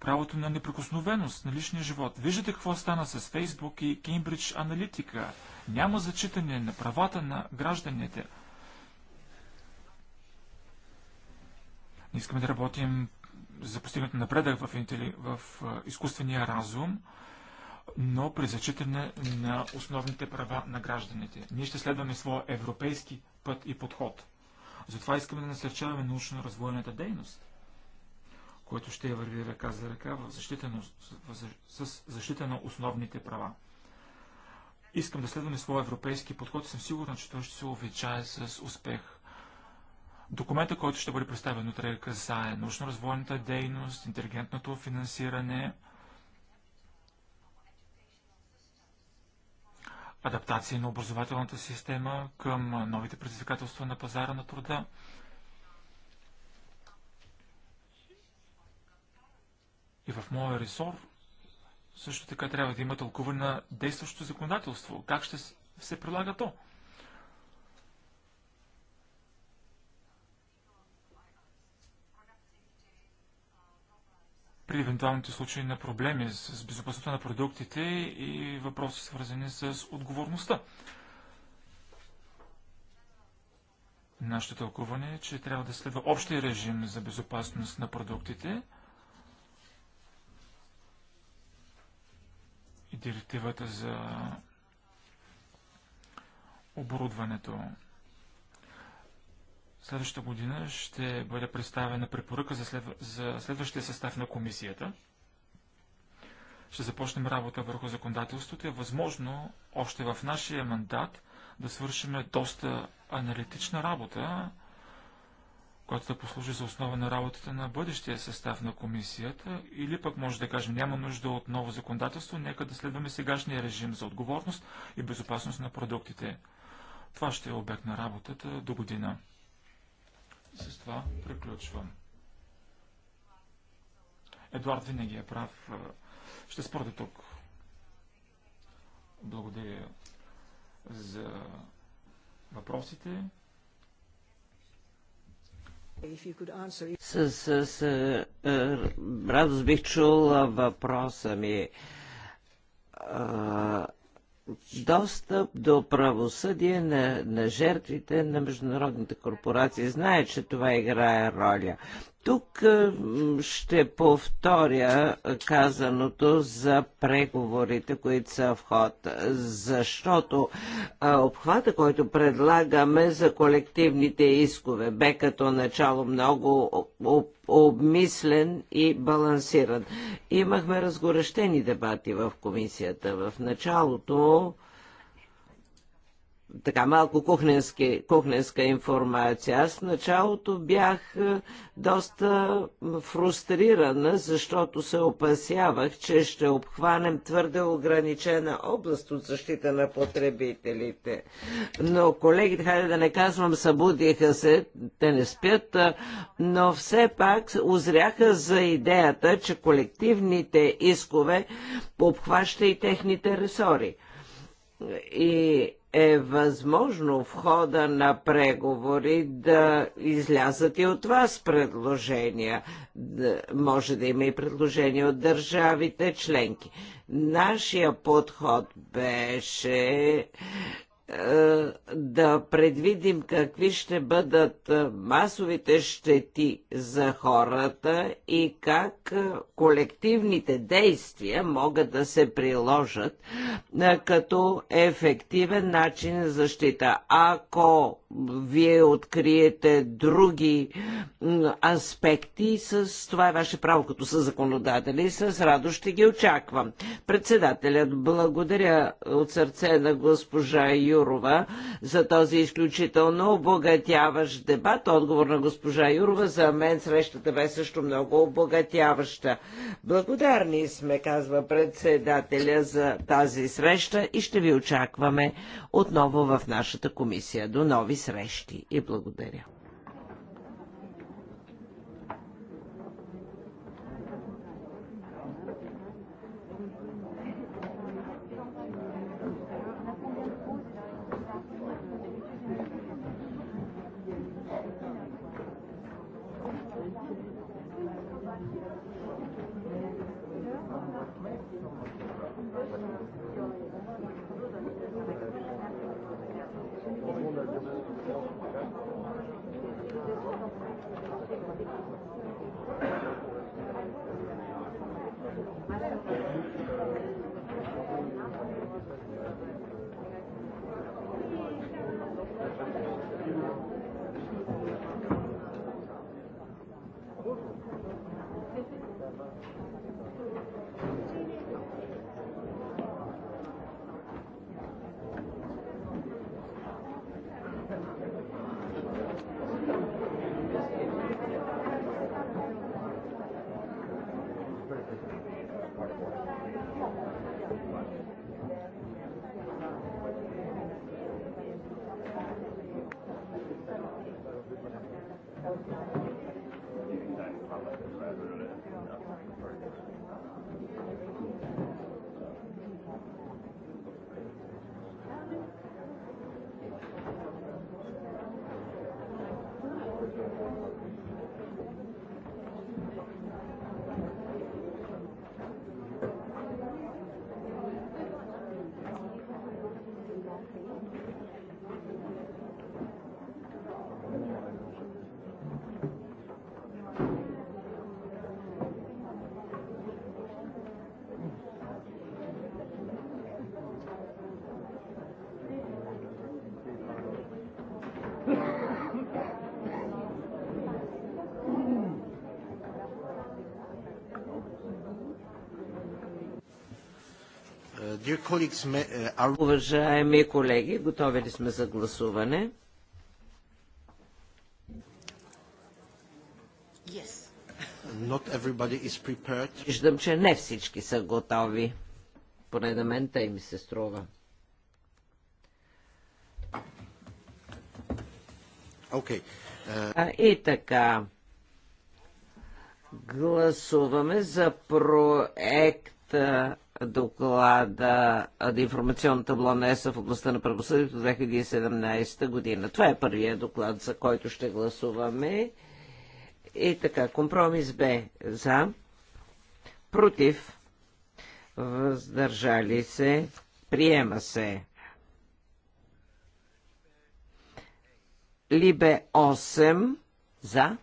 правото на неприкосновеност на личния живот. Виждате какво стана с Фейсбук и Кембридж Аналитика. Няма зачитане на правата на гражданите. Не искаме да работим за постигането напредък в, интели... в изкуствения разум, но при зачитане на основните права на гражданите. Ние ще следваме своя европейски път и подход. Затова искаме да насърчаваме научно-развойната дейност, което ще върви ръка за ръка в защита на, в, с защита на основните права. Искам да следваме своя европейски подход и съм сигурен, че той ще се увечае с успех. Документа, който ще бъде представен утре, е научно-развойната дейност, интелигентното финансиране, адаптация на образователната система към новите предизвикателства на пазара на труда. И в моя ресор също така трябва да има тълкуване на действащото законодателство. Как ще се прилага то? при евентуалните случаи на проблеми с безопасността на продуктите и въпроси свързани с отговорността. Нашето тълкуване е, че трябва да следва общия режим за безопасност на продуктите и директивата за оборудването. Следващата година ще бъде представена препоръка за, следва... за следващия състав на комисията. Ще започнем работа върху законодателството и е възможно още в нашия мандат да свършим доста аналитична работа, която да послужи за основа на работата на бъдещия състав на комисията, или пък може да кажем, няма нужда от ново законодателство, нека да следваме сегашния режим за отговорност и безопасност на продуктите. Това ще е обект на работата до година. С това приключвам. Едуард винаги е прав. Ще спорте тук. Благодаря за въпросите. С, с, с е, радост бих чула въпроса ми. А, достъп до правосъдие на, на жертвите на международните корпорации. Знае, че това играе роля. Тук е, ще повторя казаното за преговорите, които са в ход, защото е, обхвата, който предлагаме за колективните искове, бе като начало много обмислен и балансиран. Имахме разгорещени дебати в комисията. В началото така малко кухненски, кухненска информация. Аз в началото бях е, доста фрустрирана, защото се опасявах, че ще обхванем твърде ограничена област от защита на потребителите. Но колегите, хайде да не казвам, събудиха се, те не спят, но все пак озряха за идеята, че колективните искове обхваща и техните ресори. И е възможно в хода на преговори да излязат и от вас предложения. Може да има и предложения от държавите членки. Нашия подход беше е, да предвидим какви ще бъдат е, масовите щети за хората и как е, колективните действия могат да се приложат като ефективен начин на защита. Ако вие откриете други аспекти с това е ваше право като са законодатели и с радост ще ги очаквам. Председателят благодаря от сърце на госпожа Юрова за този изключително обогатяващ дебат. Отговор на госпожа Юрова за мен срещата бе също много обогатяваща. Благодарни сме, казва председателя за тази среща и ще ви очакваме отново в нашата комисия. До нови срещи и благодаря. Uh, Уважаеми колеги, готови ли сме за гласуване? Виждам, че не всички са готови. Поне на мен тъй ми се струва. Uh, и така. Гласуваме за проекта доклада на информационната табло на ЕСА в областта на правосъдието 2017 година. Това е първия доклад, за който ще гласуваме. И така, компромис Б за, против, въздържали се, приема се. Либе 8 за,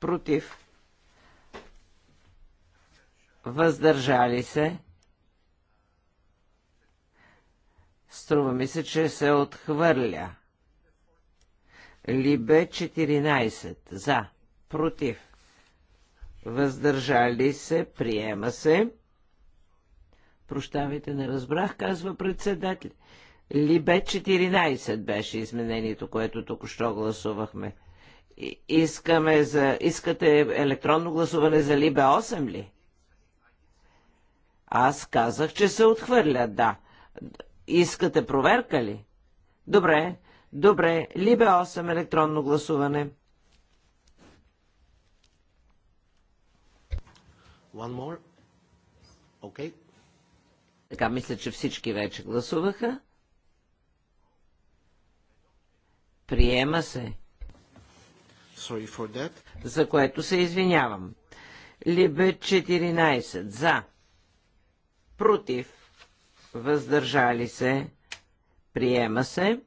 против, въздържали се. Струва ми се, че се отхвърля. Либе 14. За. Против. Въздържали се. Приема се. Прощавайте, не разбрах, казва председател. Либе 14 беше изменението, което току-що гласувахме. И, искаме за... Искате електронно гласуване за Либе 8 ли? Аз казах, че се отхвърля, да. Искате проверка ли? Добре, добре. Либе 8 електронно гласуване. One more. Okay. Така, мисля, че всички вече гласуваха. Приема се. Sorry for that. За което се извинявам. Либе 14. За против, въздържали се, приема се.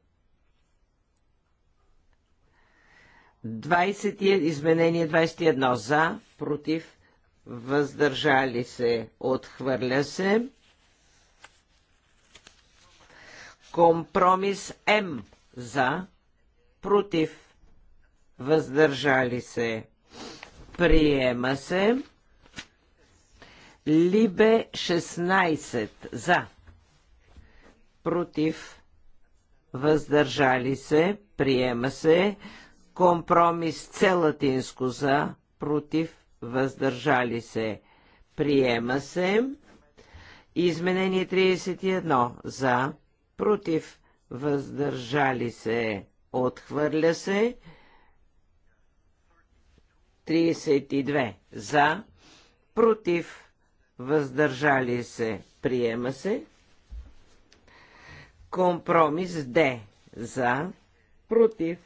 20, изменение 21 за, против, въздържали се, отхвърля се. Компромис М за, против, въздържали се, приема се. Либе 16 за. Против. Въздържали се. Приема се. Компромис целатинско латинско за. Против. Въздържали се. Приема се. Изменение 31 за. Против. Въздържали се. Отхвърля се. 32 за. Против въздържали се, приема се. Компромис Д за, против,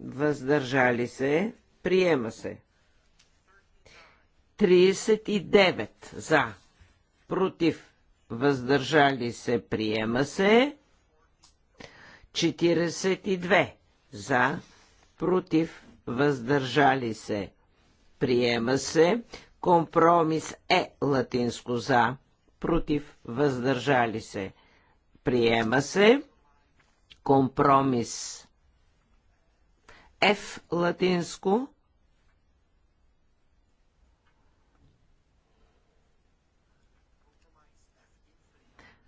въздържали се, приема се. 39 за, против, въздържали се, приема се. 42 за, против, въздържали се, приема се. Компромис е латинско за, против, въздържали се. Приема се. Компромис F латинско.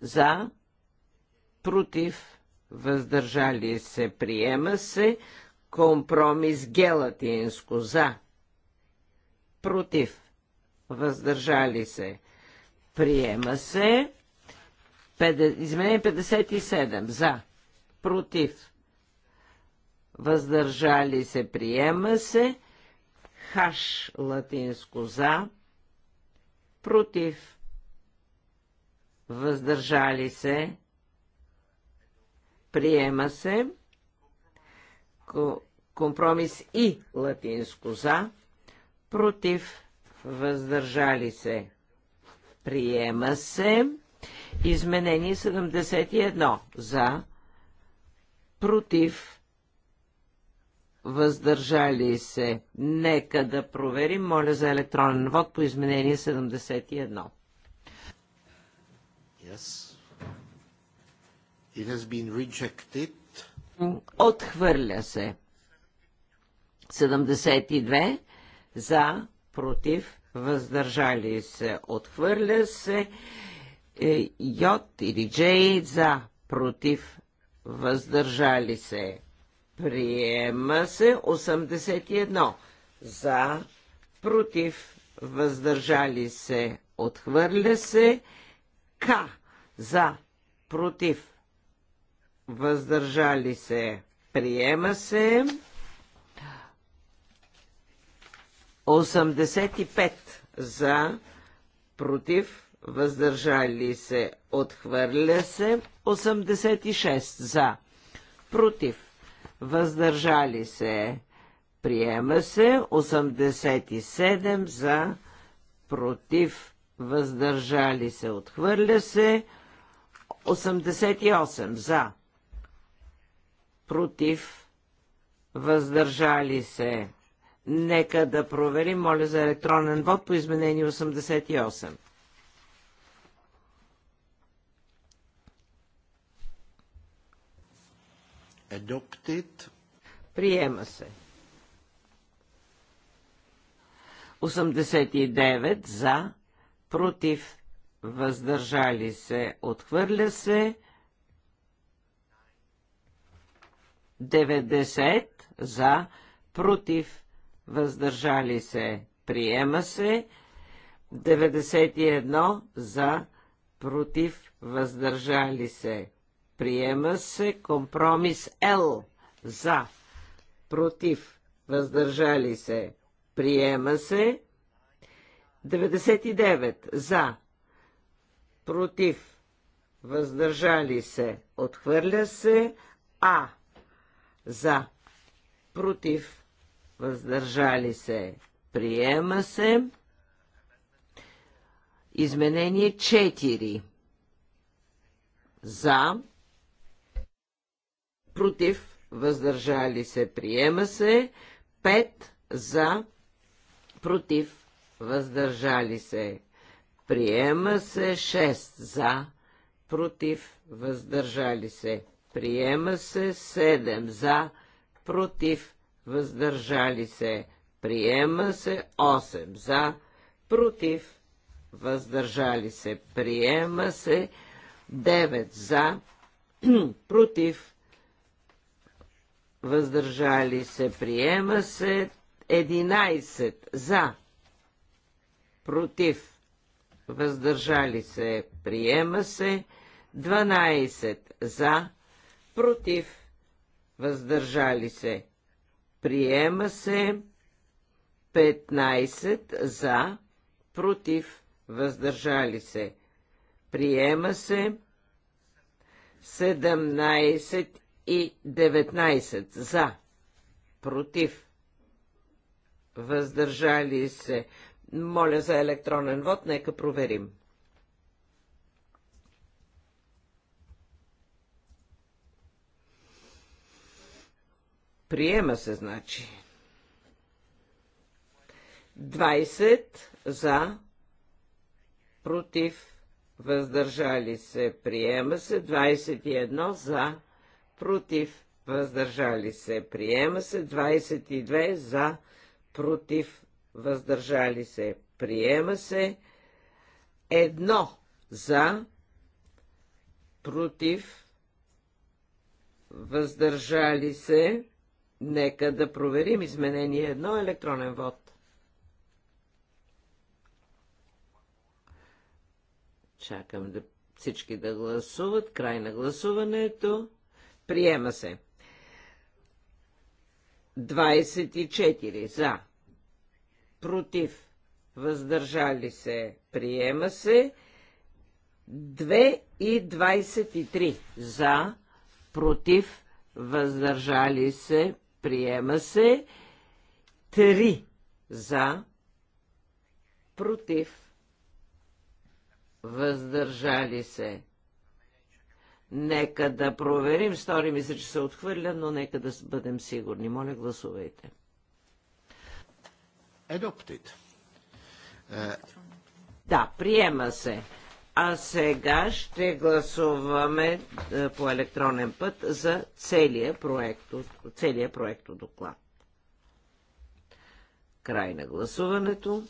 За, против, въздържали се, приема се, компромис гелатинско за, против, въздържали се, приема се. Изменение 57 за, против, въздържали се, приема се. Хаш латинско за, против, въздържали се, приема се. Компромис и латинско за, против, въздържали се. Приема се. Изменение 71. За. Против. Въздържали се. Нека да проверим. Моля за електронен вод по изменение 71. Yes. It has been rejected. Отхвърля се. 72. За. Против въздържали се, отхвърля се, е, йод или джей за, против, въздържали се, приема се, 81 за, против, въздържали се, отхвърля се, К за, против, въздържали се, приема се, 85 за, против, въздържали се, отхвърля се. 86 за, против, въздържали се, приема се. 87 за, против, въздържали се, отхвърля се. 88 за, против, въздържали се, Нека да проверим, моля за електронен вод по изменение 88. Adopted. Приема се. 89 за, против, въздържали се, отхвърля се. 90 за, против, въздържали се, приема се. 91 за, против, въздържали се, приема се. Компромис Л за, против, въздържали се, приема се. 99 за, против, въздържали се, отхвърля се, а за, против, въздържали се, приема се. Изменение 4. За, против, въздържали се, приема се. 5 за, против, въздържали се, приема се. 6 за, против, въздържали се, приема се. 7 за, против, въздържали се, приема се 8 за, против, въздържали се, приема се 9 за, против, въздържали се, приема се 11 за, против, въздържали се, приема се 12 за, против, въздържали се, Приема се 15 за, против, въздържали се. Приема се 17 и 19 за, против, въздържали се. Моля за електронен вод, нека проверим. Приема се, значи. 20 за, против, въздържали се, приема се, 21 за, против, въздържали се, приема се, 22 за, против, въздържали се, приема се, Едно за, против, въздържали се, Нека да проверим изменение едно електронен вод. Чакам да всички да гласуват. Край на гласуването. Приема се. 24 за. Против. Въздържали се. Приема се. 2 и 23 за. Против. Въздържали се. Приема се три за, против, въздържали се. Нека да проверим. Стори ми се, че се отхвърля, но нека да бъдем сигурни. Моля, гласувайте. Adopted. Uh... Да, приема се. А сега ще гласуваме е, по електронен път за целия проект, целият проект доклад. Край на гласуването.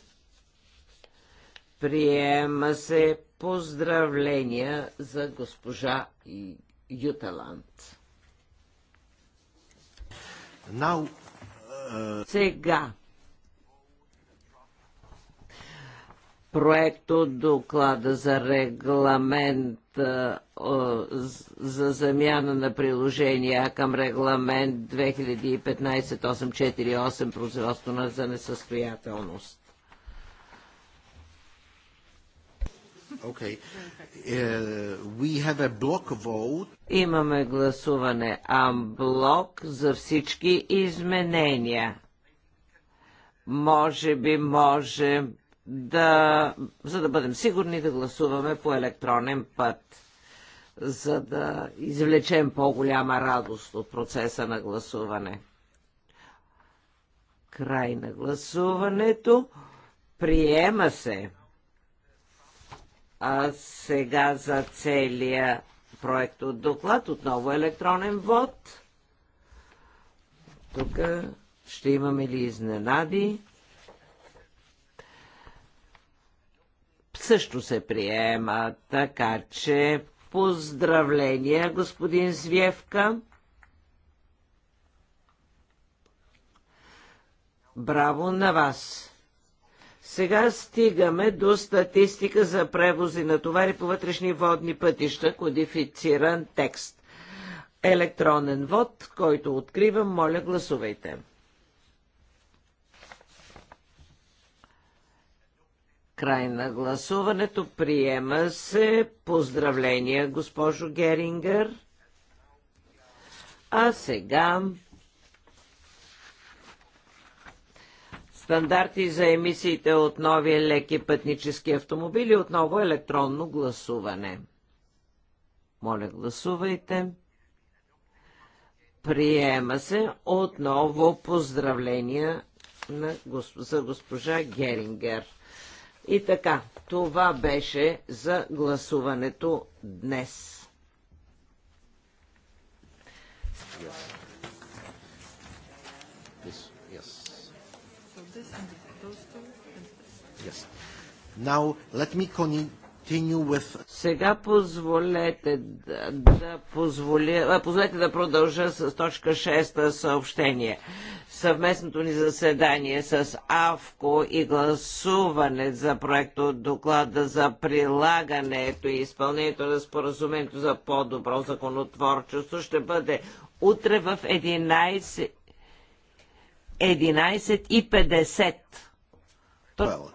Приема се поздравления за госпожа Юталанд. Now, uh... Е, сега проекто доклада за регламент за замяна на приложения към регламент 2015-848 производство на за несъстоятелност. Okay. Uh, Имаме гласуване амблок за всички изменения. Може би можем да, за да бъдем сигурни да гласуваме по електронен път, за да извлечем по-голяма радост от процеса на гласуване. Край на гласуването. Приема се. А сега за целия проект от доклад отново електронен вод. Тук ще имаме ли изненади? също се приема, така че поздравления, господин Звевка. Браво на вас! Сега стигаме до статистика за превози на товари по вътрешни водни пътища, кодифициран текст. Електронен вод, който откривам, моля гласувайте. Край на гласуването. Приема се. Поздравления, госпожо Герингер. А сега стандарти за емисиите от нови леки пътнически автомобили, отново електронно гласуване. Моля, гласувайте. Приема се отново поздравления на госп... за госпожа Герингер. И така, това беше за гласуването днес. Yes. This, yes. So this and those two and this. Yes. Now let me continue with. Сега позволете да, да позволя, позволете да продължа с точка 6 съобщение съвместното ни заседание с АВКО и гласуване за проекто доклада за прилагането и изпълнението на споразумението за по-добро законотворчество ще бъде утре в 11.50. 11 uh, uh,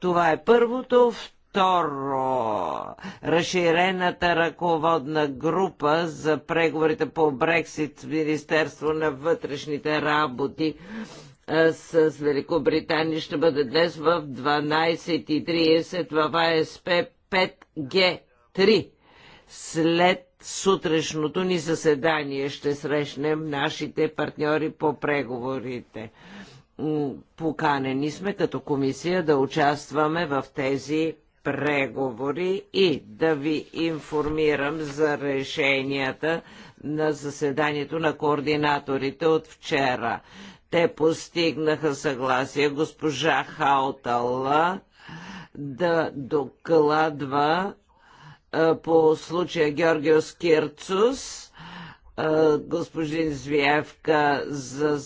Това е първото. Второ, разширената ръководна група за преговорите по Брексит в Министерство на вътрешните работи с Великобритания ще бъде днес в 12.30 в АСП 5G3. След сутрешното ни заседание ще срещнем нашите партньори по преговорите. Поканени сме като комисия да участваме в тези преговори и да ви информирам за решенията на заседанието на координаторите от вчера. Те постигнаха съгласие госпожа Хаутала да докладва по случая Георгиос Кирцус, господин Звиевка за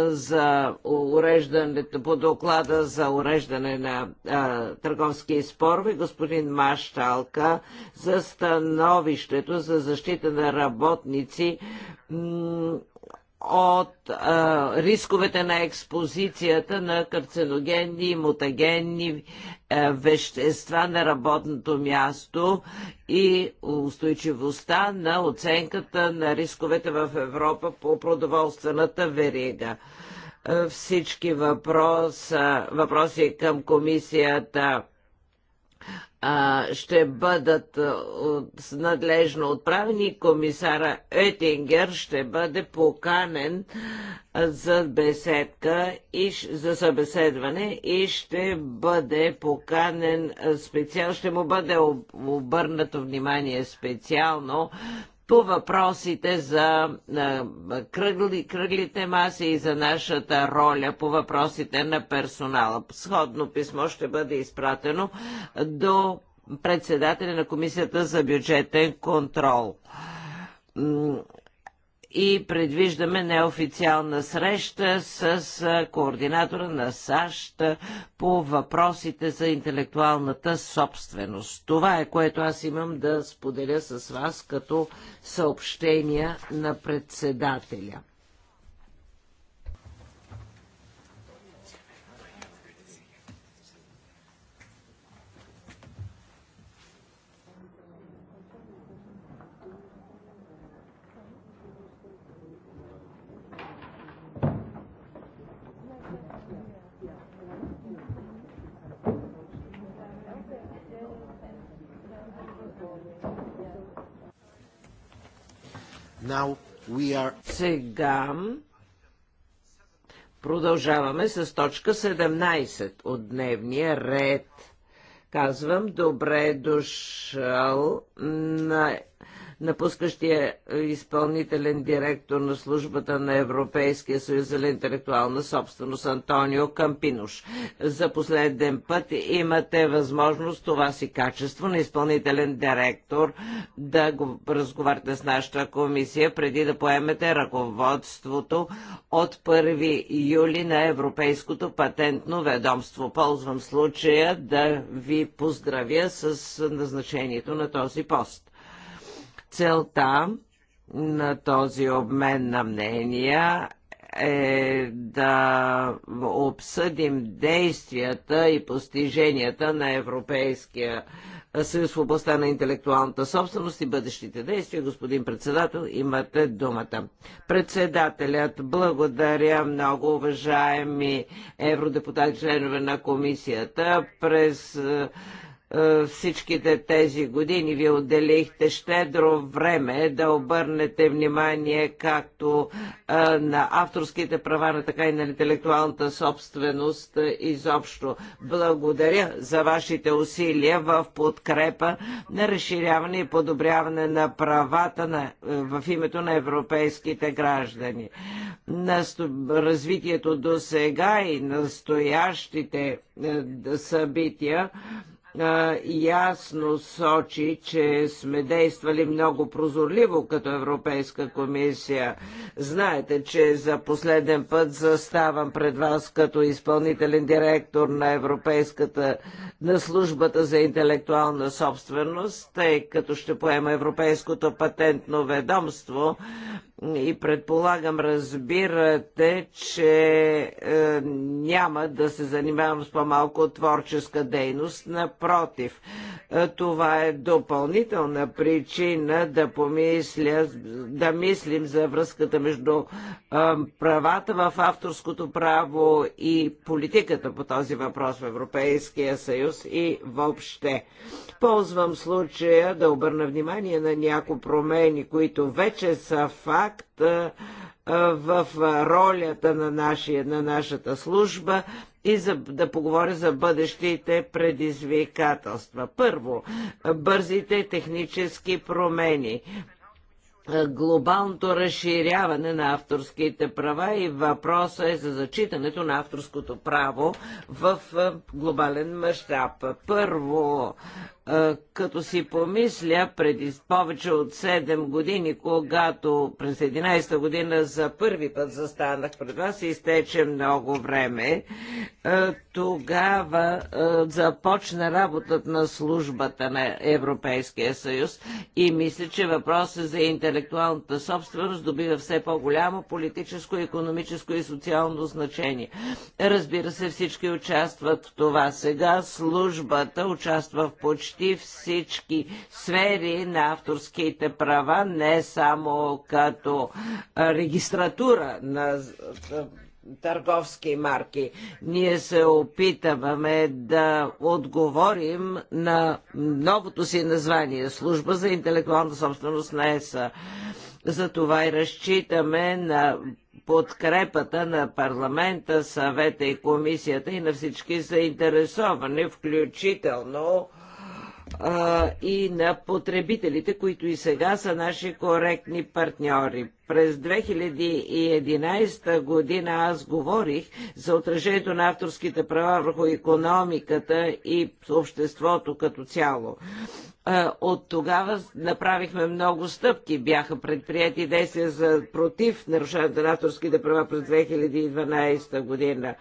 за уреждането по доклада за уреждане на а, търговски спорви, господин Машталка за становището за защита на работници от а, рисковете на експозицията на карциногенни и мутагенни а, вещества на работното място и устойчивостта на оценката на рисковете в Европа по продоволствената верига. Всички въпрос, въпроси към комисията ще бъдат надлежно отправени. Комисара Етингер ще бъде поканен за беседка и за събеседване и ще бъде поканен специално, ще му бъде обърнато внимание специално по въпросите за кръгли, кръглите маси и за нашата роля по въпросите на персонала. Сходно писмо ще бъде изпратено до председателя на Комисията за бюджетен контрол и предвиждаме неофициална среща с координатора на САЩ по въпросите за интелектуалната собственост. Това е което аз имам да споделя с вас като съобщения на председателя. Сега продължаваме с точка 17 от дневния ред. Казвам добре дошъл на напускащия е, изпълнителен директор на службата на Европейския съюз за интелектуална собственост Антонио Кампинош. За последен път имате възможност това си качество на изпълнителен директор да го разговаряте с нашата комисия преди да поемете ръководството от 1 юли на Европейското патентно ведомство. Ползвам случая да ви поздравя с назначението на този пост. Целта на този обмен на мнения е да обсъдим действията и постиженията на Европейския съюз в областта на интелектуалната собственост и бъдещите действия. Господин председател, имате думата. Председателят, благодаря много, уважаеми евродепутати, членове на комисията. През е, всичките тези години ви отделихте щедро време да обърнете внимание както е, на авторските права, така и на интелектуалната собственост е, изобщо. Благодаря за вашите усилия в подкрепа на разширяване и подобряване на правата на, в името на европейските граждани. На развитието до сега и настоящите събития ясно сочи, че сме действали много прозорливо като Европейска комисия. Знаете, че за последен път заставам пред вас като изпълнителен директор на Европейската на службата за интелектуална собственост, тъй като ще поема Европейското патентно ведомство и предполагам разбирате, че е, няма да се занимавам с по-малко творческа дейност. Напротив, е, това е допълнителна причина да помисля, да мислим за връзката между е, правата в авторското право и политиката по този въпрос в Европейския съюз и въобще. Ползвам случая да обърна внимание на някои промени, които вече са факт контакт в ролята на, нашия, на нашата служба и за, да поговоря за бъдещите предизвикателства. Първо, бързите технически промени глобалното разширяване на авторските права и въпроса е за зачитането на авторското право в глобален мащаб. Първо, като си помисля преди повече от 7 години, когато през 11-та година за първи път застанах пред вас и изтече много време, тогава започна работата на службата на Европейския съюз и мисля, че въпросът за интелектуалната собственост добива все по-голямо политическо, економическо и социално значение. Разбира се, всички участват в това. Сега службата участва в почти почти всички сфери на авторските права, не само като регистратура на търговски марки. Ние се опитаваме да отговорим на новото си название Служба за интелектуална собственост на ЕСА. Затова и разчитаме на подкрепата на парламента, съвета и комисията и на всички заинтересовани, включително а, и на потребителите, които и сега са наши коректни партньори. През 2011 година аз говорих за отражението на авторските права върху економиката и обществото като цяло. Е, от тогава направихме много стъпки. Бяха предприяти действия за против нарушаването на авторските права през 2012 година.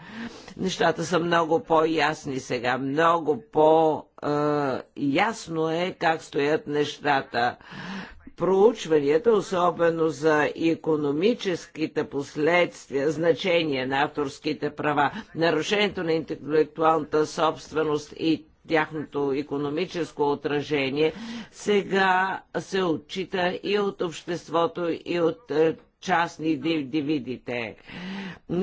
Нещата са много по-ясни сега. Много по-ясно е как стоят нещата проучванията, особено за економическите последствия, значение на авторските права, нарушението на интелектуалната собственост и тяхното економическо отражение, сега се отчита и от обществото, и от е, частни дивидите.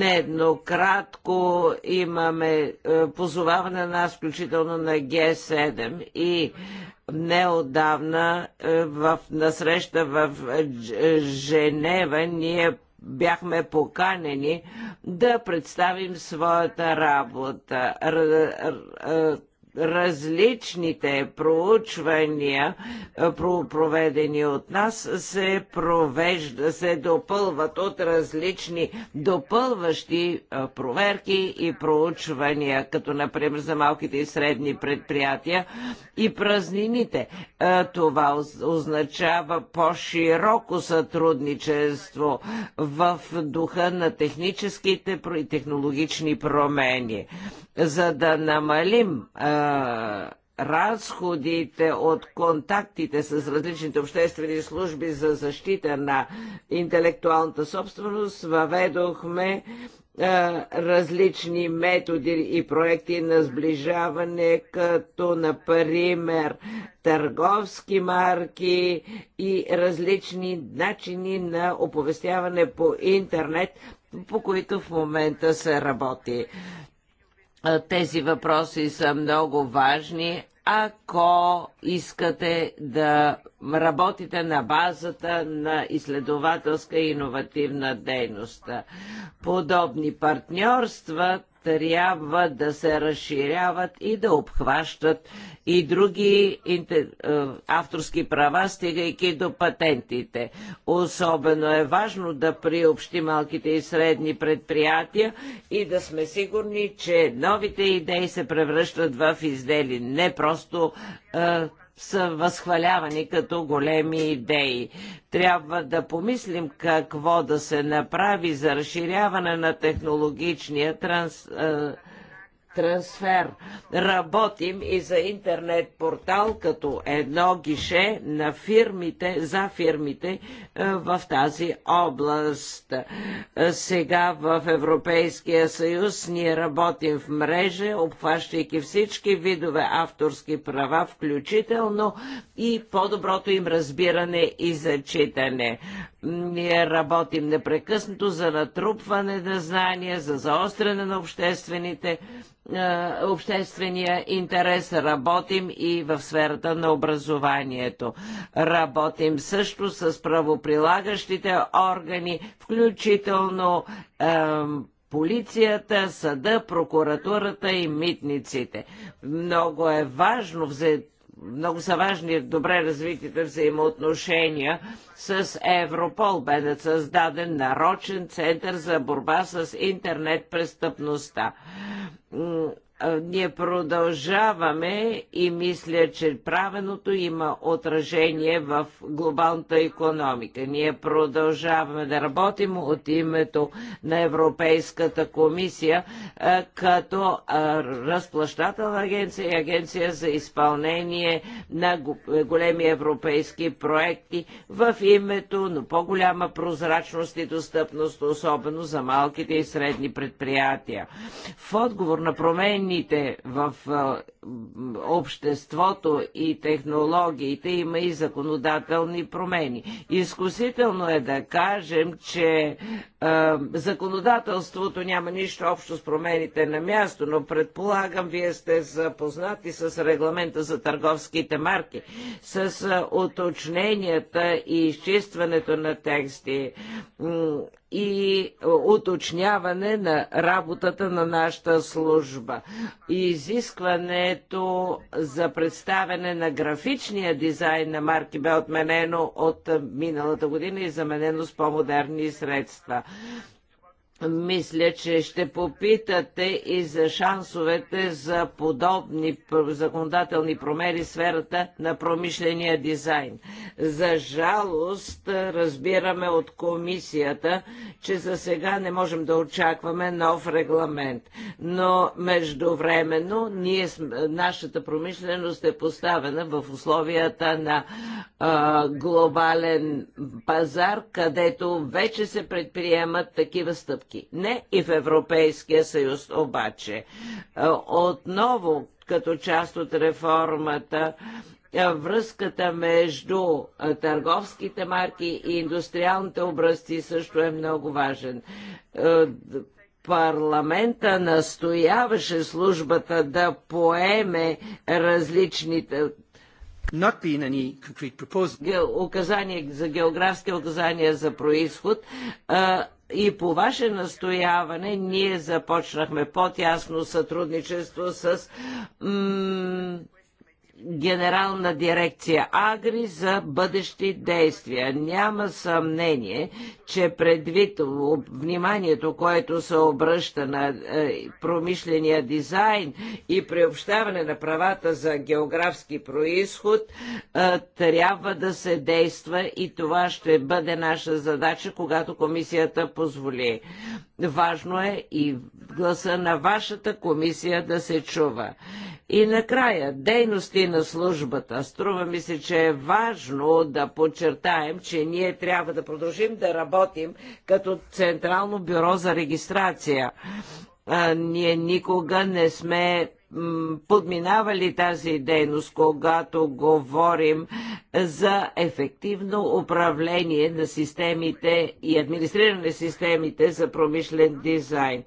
едно кратко имаме е, позоваване на нас, включително на Г7 и неодавна е, в, насреща в Женева ние бяхме поканени да представим своята работа различните проучвания, проведени от нас, се, провежда, се допълват от различни допълващи проверки и проучвания, като например за малките и средни предприятия и празнините. Това означава по-широко сътрудничество в духа на техническите и технологични промени. За да намалим а, разходите от контактите с различните обществени служби за защита на интелектуалната собственост въведохме различни методи и проекти на сближаване, като например търговски марки и различни начини на оповестяване по интернет, по които в момента се работи. Тези въпроси са много важни, ако искате да работите на базата на изследователска и иновативна дейност. Подобни партньорства трябва да се разширяват и да обхващат и други е, авторски права, стигайки до патентите. Особено е важно да приобщи малките и средни предприятия и да сме сигурни, че новите идеи се превръщат в издели, не просто е, са възхвалявани като големи идеи. Трябва да помислим какво да се направи за разширяване на технологичния транс, трансфер. Работим и за интернет портал като едно гише на фирмите, за фирмите е, в тази област. Е, сега в Европейския съюз ние работим в мрежа, обхващайки всички видове авторски права, включително и по-доброто им разбиране и зачитане. Ние работим непрекъснато за натрупване на знания, за заостряне на обществените е, обществения интерес, работим и в сферата на образованието. Работим също с правоприлагащите органи, включително е, полицията, съда, прокуратурата и митниците. Много е важно взето много са важни добре развитите взаимоотношения с Европол. Бе създаден нарочен център за борба с интернет престъпността ние продължаваме и мисля, че правеното има отражение в глобалната економика. Ние продължаваме да работим от името на Европейската комисия като разплащателна агенция и агенция за изпълнение на големи европейски проекти в името на по-голяма прозрачност и достъпност, особено за малките и средни предприятия. В отговор на промени жените в обществото и технологиите има и законодателни промени. Изкусително е да кажем, че а, законодателството няма нищо общо с промените на място, но предполагам, вие сте запознати с регламента за търговските марки, с а, уточненията и изчистването на тексти и уточняване на работата на нашата служба. И изискване предложението за представяне на графичния дизайн на марки бе отменено от миналата година и заменено с по-модерни средства. Мисля, че ще попитате и за шансовете за подобни законодателни промери в сферата на промишления дизайн. За жалост, разбираме от комисията, че за сега не можем да очакваме нов регламент. Но междувременно ние, нашата промишленост е поставена в условията на а, глобален пазар, където вече се предприемат такива стъпки сметки. Не и в Европейския съюз обаче. Е, отново, като част от реформата, е, връзката между е, търговските марки и индустриалните образци също е много важен парламента настояваше службата да поеме различните указания за географски указания за происход, и по ваше настояване ние започнахме по-тясно сътрудничество с Генерална дирекция Агри за бъдещи действия. Няма съмнение, че предвид вниманието, което се обръща на е, промишления дизайн и приобщаване на правата за географски происход, е, трябва да се действа и това ще бъде наша задача, когато комисията позволи. Важно е и гласа на вашата комисия да се чува. И накрая, дейности на службата. Струва ми се, че е важно да подчертаем, че ние трябва да продължим да работим като Централно бюро за регистрация. А, ние никога не сме подминавали тази дейност, когато говорим за ефективно управление на системите и администриране на системите за промишлен дизайн.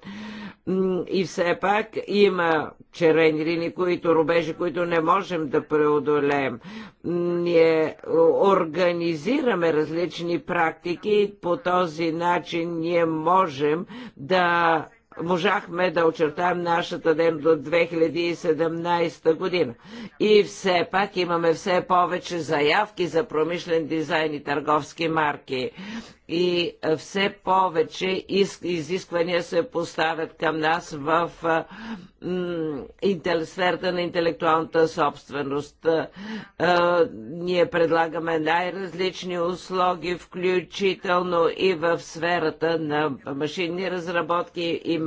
И все пак има черени линии, които рубежи, които не можем да преодолеем. Ние организираме различни практики и по този начин ние можем да можахме да очертаем нашата ден до 2017 година. И все пак имаме все повече заявки за промишлен дизайн и търговски марки и все повече изисквания се поставят към нас в сферата на интелектуалната собственост. Ние предлагаме най-различни услуги, включително и в сферата на машинни разработки и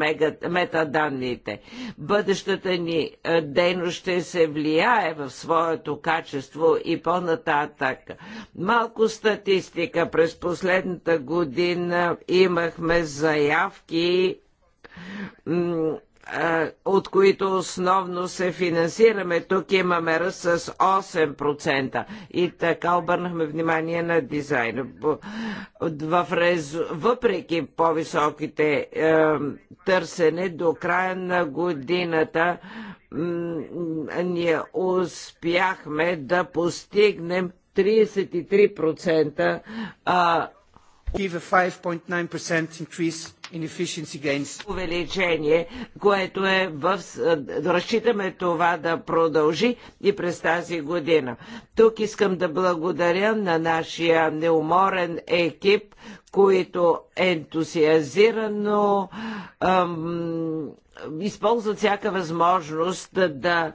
метаданните. Бъдещата ни дейност ще се влияе в своето качество и по-нататък. Малко статистика през последната миналата година имахме заявки от които основно се финансираме. Тук имаме ръст с 8%. И така обърнахме внимание на дизайна. Въпреки по-високите е, търсене, до края на годината ние успяхме да постигнем 33% а, Увеличение, което е в... Е, разчитаме това да продължи и през тази година. Тук искам да благодаря на нашия неуморен екип, които ентусиазирано използват всяка възможност да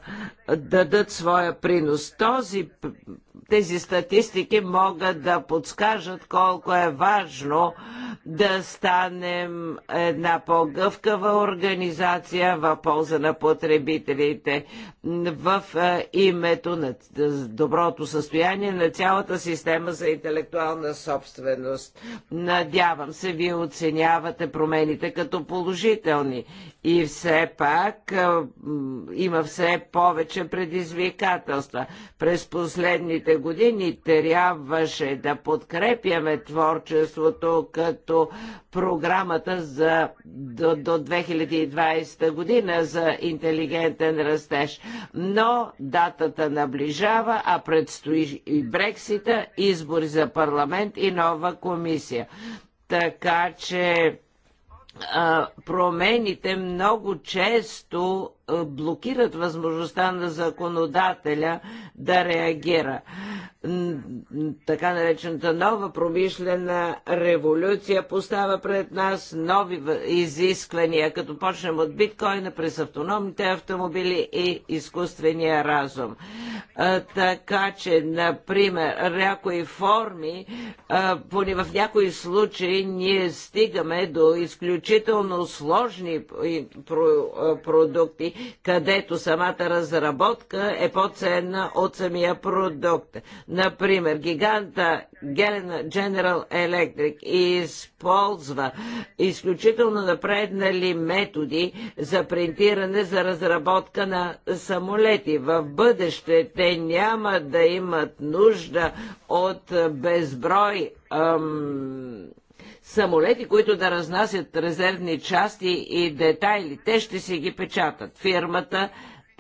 дадат своя принос. Този, тези статистики могат да подскажат колко е важно да станем една по-гъвкава организация в полза на потребителите в е, името на доброто състояние на цялата система за интелектуална собственост. Надявам се, вие оценявате промените като положителни и все пак е, има все повече имаше предизвикателства. През последните години трябваше да подкрепяме творчеството като програмата за до, до 2020 година за интелигентен растеж. Но датата наближава, а предстои и Брексита, избори за парламент и нова комисия. Така че промените много често блокират възможността на законодателя да реагира. Така наречената нова промишлена революция поставя пред нас нови изисквания, като почнем от биткоина през автономните автомобили и изкуствения разум. Така че, например, някои форми, поне в някои случаи ние стигаме до изключително сложни продукти, където самата разработка е по-ценна от самия продукт. Например, гиганта General Electric използва изключително напреднали методи за принтиране за разработка на самолети. В бъдеще те няма да имат нужда от безброй ам, самолети, които да разнасят резервни части и детайли. Те ще си ги печатат. Фирмата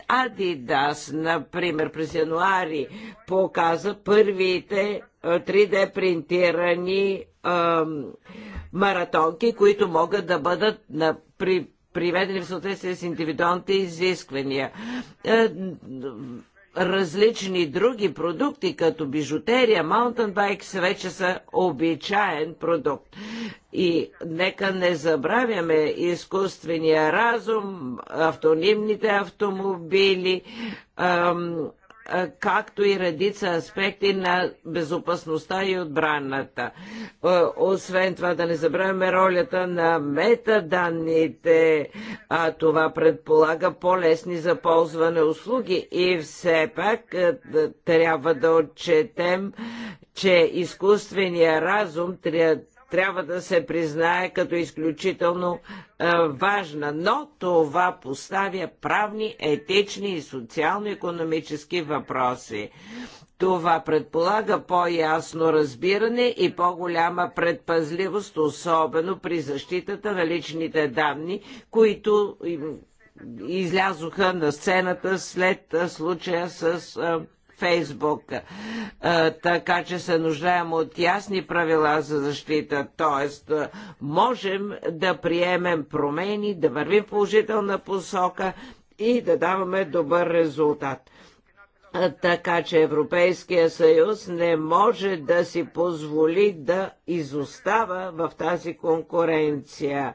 Adidas, например, през януари показа първите 3D принтирани ам, маратонки, които могат да бъдат на, при, приведени в съответствие с индивидуалните изисквания различни други продукти, като бижутерия, байкс, вече са обичаен продукт. И нека не забравяме изкуствения разум, автонимните автомобили, ам, както и редица аспекти на безопасността и отбраната. Освен това да не забравяме ролята на метаданните, а това предполага по-лесни за ползване услуги и все пак трябва да отчетем, че изкуственият разум трябва да се признае като изключително е, важна, но това поставя правни, етични и социално-економически въпроси. Това предполага по-ясно разбиране и по-голяма предпазливост, особено при защитата на личните данни, които излязоха на сцената след е, случая с е, Фейсбук. Така че се нуждаем от ясни правила за защита, т.е. можем да приемем промени, да вървим в положителна посока и да даваме добър резултат. Така че Европейския съюз не може да си позволи да изостава в тази конкуренция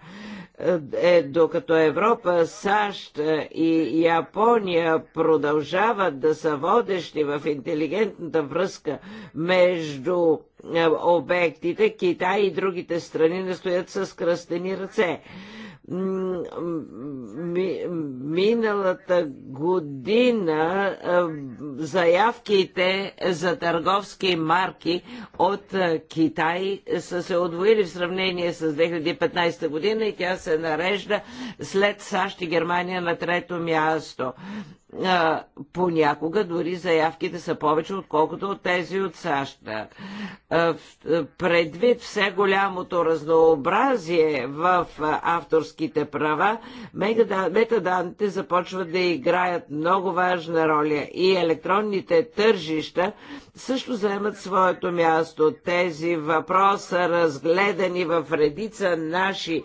е, докато Европа, САЩ е, и Япония продължават да са водещи в интелигентната връзка между е, обектите, Китай и другите страни настоят с кръстени ръце миналата година заявките за търговски марки от Китай са се отвоили в сравнение с 2015 година и тя се нарежда след САЩ и Германия на трето място а, понякога дори заявките са повече, отколкото от тези от САЩ. А, предвид все голямото разнообразие в а, авторските права, метаданите започват да играят много важна роля и електронните тържища също заемат своето място. Тези въпроса разгледани в редица наши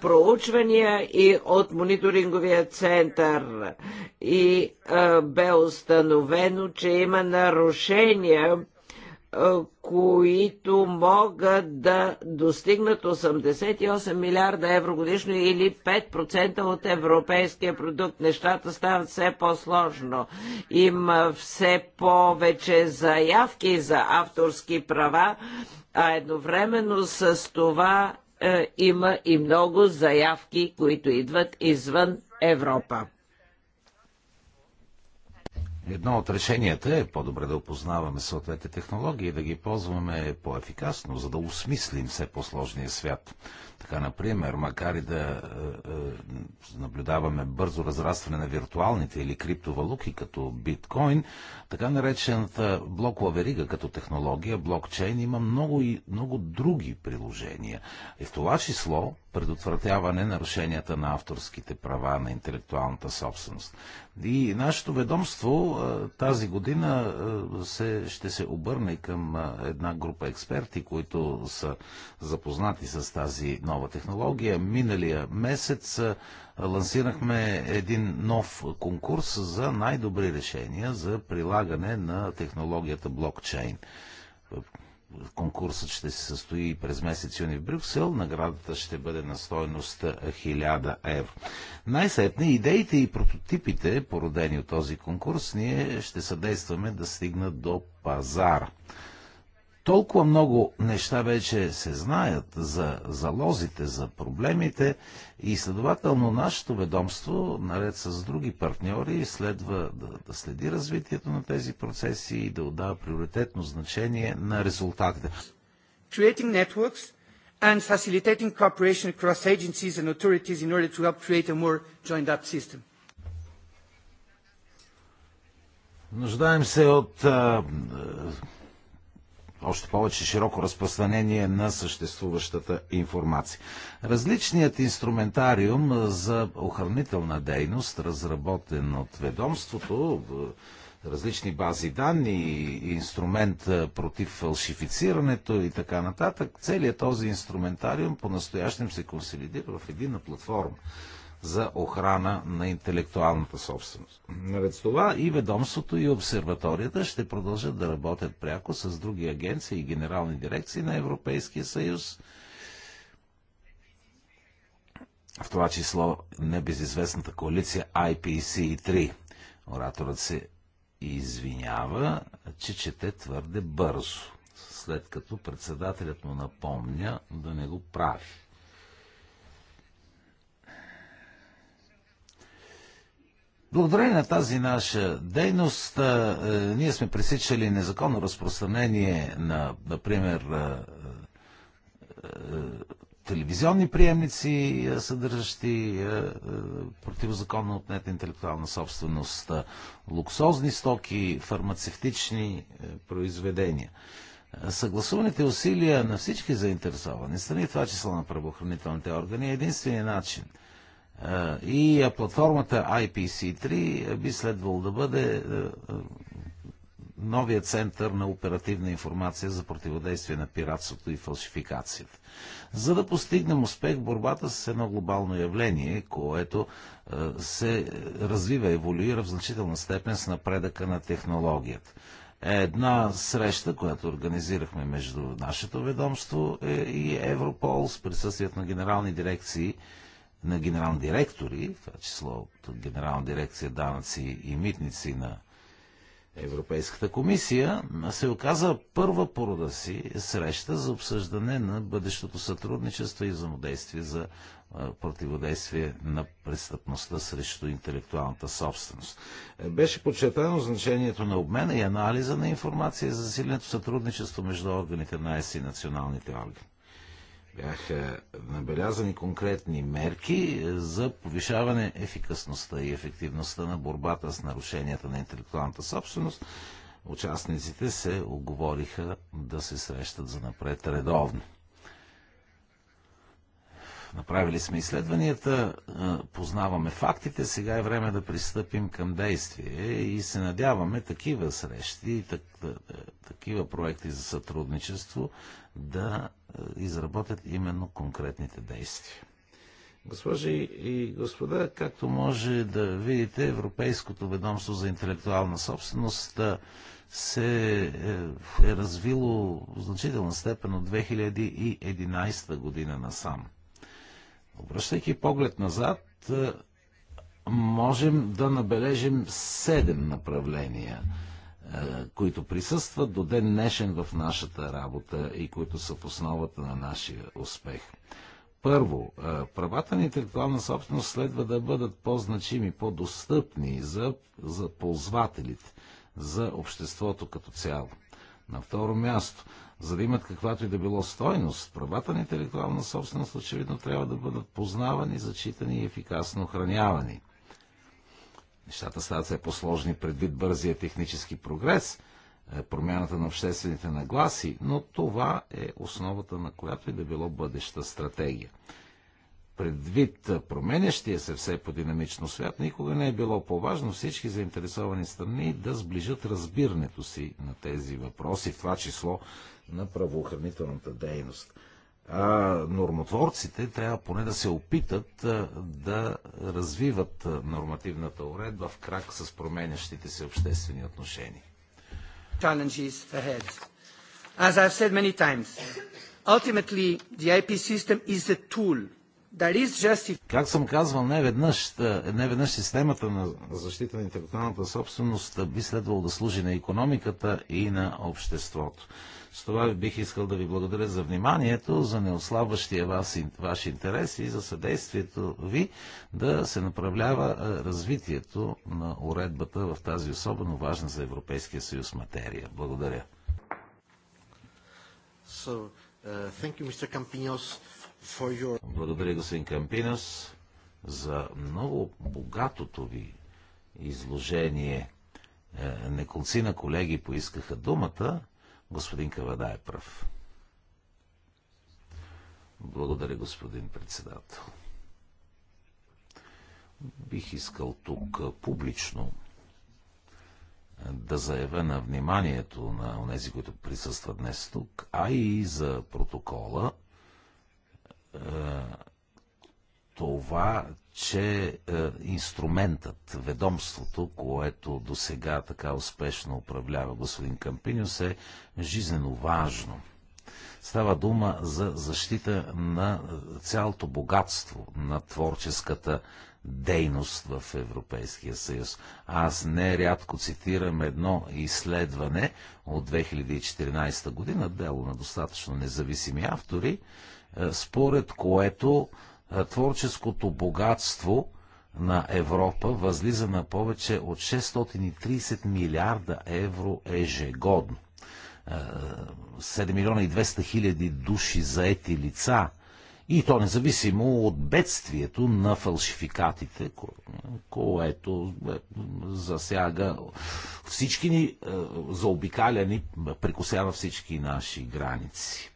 проучвания и от мониторинговия център. И бе установено, че има нарушения които могат да достигнат 88 милиарда евро годишно или 5% от европейския продукт. Нещата стават все по-сложно. Има все повече заявки за авторски права, а едновременно с това е, има и много заявки, които идват извън Европа. Едно от решенията е по-добре да опознаваме съответните технологии и да ги ползваме по-ефикасно, за да осмислим все по-сложния свят. Така, например, макар и да е, е, наблюдаваме бързо разрастване на виртуалните или криптовалуки като биткоин, така наречената блокова верига като технология, блокчейн, има много и много други приложения. И в това число предотвратяване нарушенията на авторските права на интелектуалната собственост. И нашето ведомство е, тази година е, се, ще се обърне към е, една група експерти, които са запознати с тази нова технология. Миналия месец лансирахме един нов конкурс за най-добри решения за прилагане на технологията блокчейн Конкурсът ще се състои през месец юни в Брюксел. Наградата ще бъде на стойност 1000 евро. Най-сетне идеите и прототипите, породени от този конкурс, ние ще съдействаме да стигнат до пазара. Толкова много неща вече се знаят за залозите, за проблемите и следователно нашето ведомство, наред с други партньори, следва да, да следи развитието на тези процеси и да отдава приоритетно значение на резултатите. Creating networks and facilitating cooperation across agencies and authorities in order to help create a more joined up system. Нуждаем се от а, още повече широко разпространение на съществуващата информация. Различният инструментариум за охранителна дейност, разработен от ведомството, различни бази данни, инструмент против фалшифицирането и така нататък, целият този инструментариум по-настоящем се консолидира в единна платформа за охрана на интелектуалната собственост. Наред с това и ведомството и обсерваторията ще продължат да работят пряко с други агенции и генерални дирекции на Европейския съюз, в това число небезизвестната коалиция IPC3. Ораторът се извинява, че чете твърде бързо, след като председателят му напомня да не го прави. Благодарение на тази наша дейност, а, е, ние сме пресичали незаконно разпространение на, например, а, а, телевизионни приемници, а, съдържащи а, а, противозаконно отнета интелектуална собственост, а, луксозни стоки, фармацевтични а, произведения. Съгласуваните усилия на всички заинтересовани страни, това число на правоохранителните органи, е единствения начин – и платформата IPC3 би следвало да бъде новия център на оперативна информация за противодействие на пиратството и фалшификацията. За да постигнем успех в борбата с едно глобално явление, което се развива, еволюира в значителна степен с напредъка на технологията. Е, една среща, която организирахме между нашето ведомство е, и Европол с присъствието на генерални дирекции на генерални директори, това число от Генерална дирекция данъци и митници на Европейската комисия, се оказа първа порода си среща за обсъждане на бъдещото сътрудничество и взаимодействие за противодействие на престъпността срещу интелектуалната собственост. Беше подчертано значението на обмена и анализа на информация за засиленото сътрудничество между органите на ЕС и националните органи бяха набелязани конкретни мерки е, за повишаване ефикасността и ефективността на борбата с нарушенията на интелектуалната собственост. Участниците се оговориха да се срещат за напред редовно. Направили сме изследванията, познаваме фактите, сега е време да пристъпим към действие и се надяваме такива срещи, так, такива проекти за сътрудничество да изработят именно конкретните действия. Госпожи и господа, както може да видите, Европейското ведомство за интелектуална собственост се е, е развило в значителна степен от 2011 година насам. Обръщайки поглед назад, е, можем да набележим седем направления, е, които присъстват до ден днешен в нашата работа и които са в основата на нашия успех. Първо, е, правата на интелектуална собственост следва да бъдат по-значими, по-достъпни за, за ползвателите, за обществото като цяло. На второ място, за да имат каквато и да било стойност, правата на интелектуална собственост очевидно трябва да бъдат познавани, зачитани и ефикасно охранявани. Нещата стават все по-сложни предвид бързия технически прогрес, е, промяната на обществените нагласи, но това е основата на която и да било бъдеща стратегия. Предвид е, променящия се все по-динамично свят, никога не е било по-важно всички заинтересовани страни да сближат разбирането си на тези въпроси, в това число на правоохранителната дейност. А нормотворците трябва поне да се опитат да развиват нормативната уредба в крак с променящите се обществени отношения. Challenges ahead. As как съм казвал, не веднъж, е, не веднъж системата на защита на интелектуалната собственост би следвало да служи на економиката и на обществото. С това бих искал да ви благодаря за вниманието, за неослабващия вас, ваш интерес и за съдействието ви да се направлява е, развитието на уредбата в тази особено важна за Европейския съюз материя. Благодаря. So, uh, thank you, Mr. Благодаря, господин Кампинас, за много богатото ви изложение. Е, Неколци на колеги поискаха думата. Господин Кавада е прав. Благодаря, господин председател. Бих искал тук е, публично е, да заявя на вниманието на тези, които присъстват днес тук, а и за протокола, е, това, че е, инструментът, ведомството, което до сега така успешно управлява господин Кампиниус, е жизнено важно. Става дума за защита на цялото богатство на творческата дейност в Европейския съюз. Аз нерядко цитирам едно изследване от 2014 година, дело на достатъчно независими автори, е, според което е, творческото богатство на Европа възлиза на повече от 630 милиарда евро ежегодно. 7 е, милиона и 200 хиляди души заети лица и то независимо от бедствието на фалшификатите, което засяга всички ни, заобикаляни прекосява прекусява всички наши граници.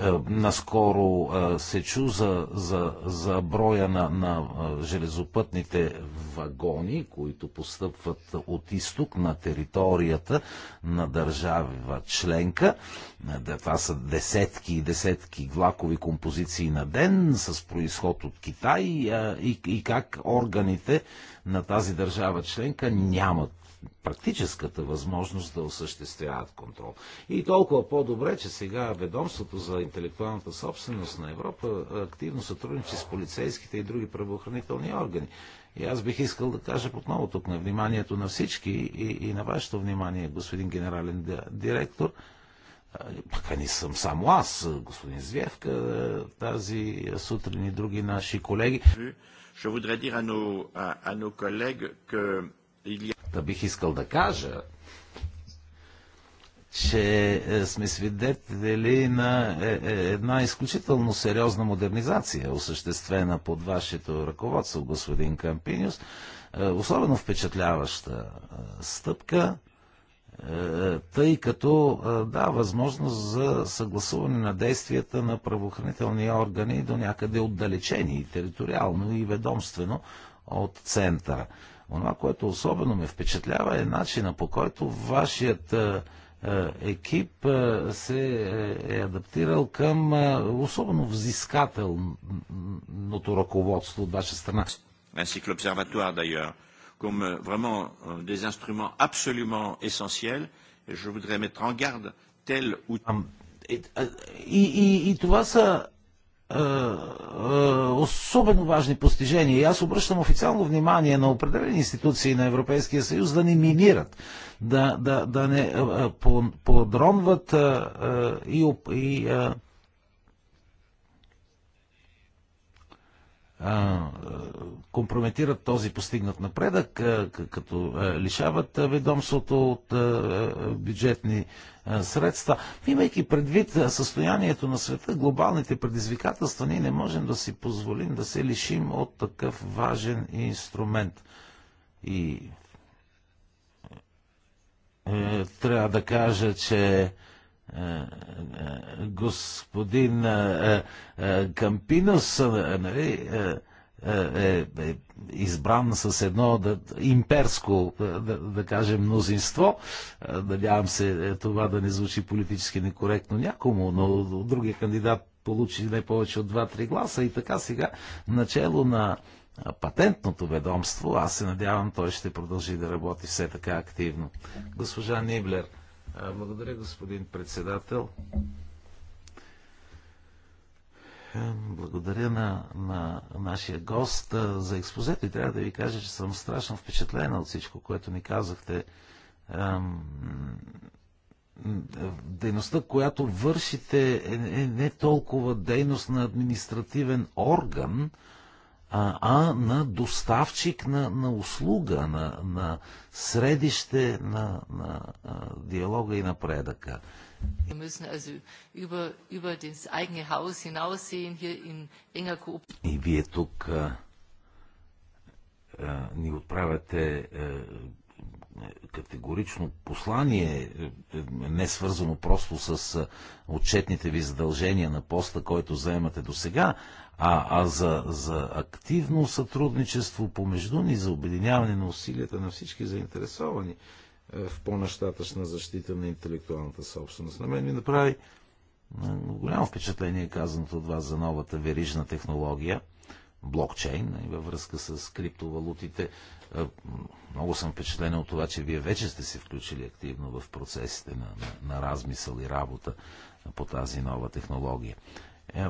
Е, наскоро е, се чу за, за, за броя на, на е, железопътните вагони, които постъпват от изток на територията на държава членка. Това са десетки и десетки влакови композиции на ден с происход от Китай и, и как органите на тази държава членка нямат практическата възможност да осъществяват контрол. И толкова по-добре, че сега ведомството за интелектуалната собственост на Европа активно сътрудничи с полицейските и други правоохранителни органи. И аз бих искал да кажа отново тук на вниманието на всички и, и на вашето внимание, господин генерален директор, пък не съм само аз, господин Звевка, тази сутрин и други наши колеги. Ще voudrais dire à nos, à, Та бих искал да кажа, че е, сме свидетели на е, е, една изключително сериозна модернизация, осъществена под вашето ръководство, господин Кампиниус. Особено впечатляваща стъпка, тъй като да, възможност за съгласуване на действията на правоохранителни органи до някъде отдалечени, териториално и ведомствено от центъра. Онова, което особено ме впечатлява е начина по който вашият е, е, екип е, се е адаптирал към особено взискателното ръководство от ваша страна. Ainsi que l'Observatoire d'ailleurs, comme euh, vraiment euh, des instruments absolument essentiels, je voudrais mettre en garde tel ou... И, и, и това са е, е, особено важни постижения. И аз обръщам официално внимание на определени институции на Европейския съюз да не минират, да, да, да не е, подронват и, и компрометират този постигнат напредък, като лишават ведомството от бюджетни средства. Имайки предвид състоянието на света, глобалните предизвикателства, ние не можем да си позволим да се лишим от такъв важен инструмент. И е, трябва да кажа, че господин Кампинос нали, е, е избран с едно да, имперско, да, да кажем, мнозинство. Надявам се е, това да не звучи политически некоректно някому, но другия кандидат получи не повече от 2-3 гласа и така сега начало на патентното ведомство, аз се надявам той ще продължи да работи все така активно. Госпожа Ниблер, благодаря, господин председател. Е, благодаря на, на нашия гост за експозето и трябва да ви кажа, че съм страшно впечатлена от всичко, което ми казахте. Дейността, която вършите е, е не толкова дейност на административен орган, а на доставчик на, на услуга, на, на средище на, на диалога и напредъка. И вие тук а, а, ни отправяте а, категорично послание, не свързано просто с отчетните ви задължения на поста, който заемате до сега, а, а за, за активно сътрудничество помежду ни, за обединяване на усилията на всички заинтересовани е, в по-нащатъчна защита на интелектуалната собственост. На мен ми направи е, голямо впечатление казаното от вас за новата верижна технология, блокчейн, е, във връзка с криптовалутите. Много съм впечатлен от това, че вие вече сте се включили активно в процесите на, на, на размисъл и работа по тази нова технология.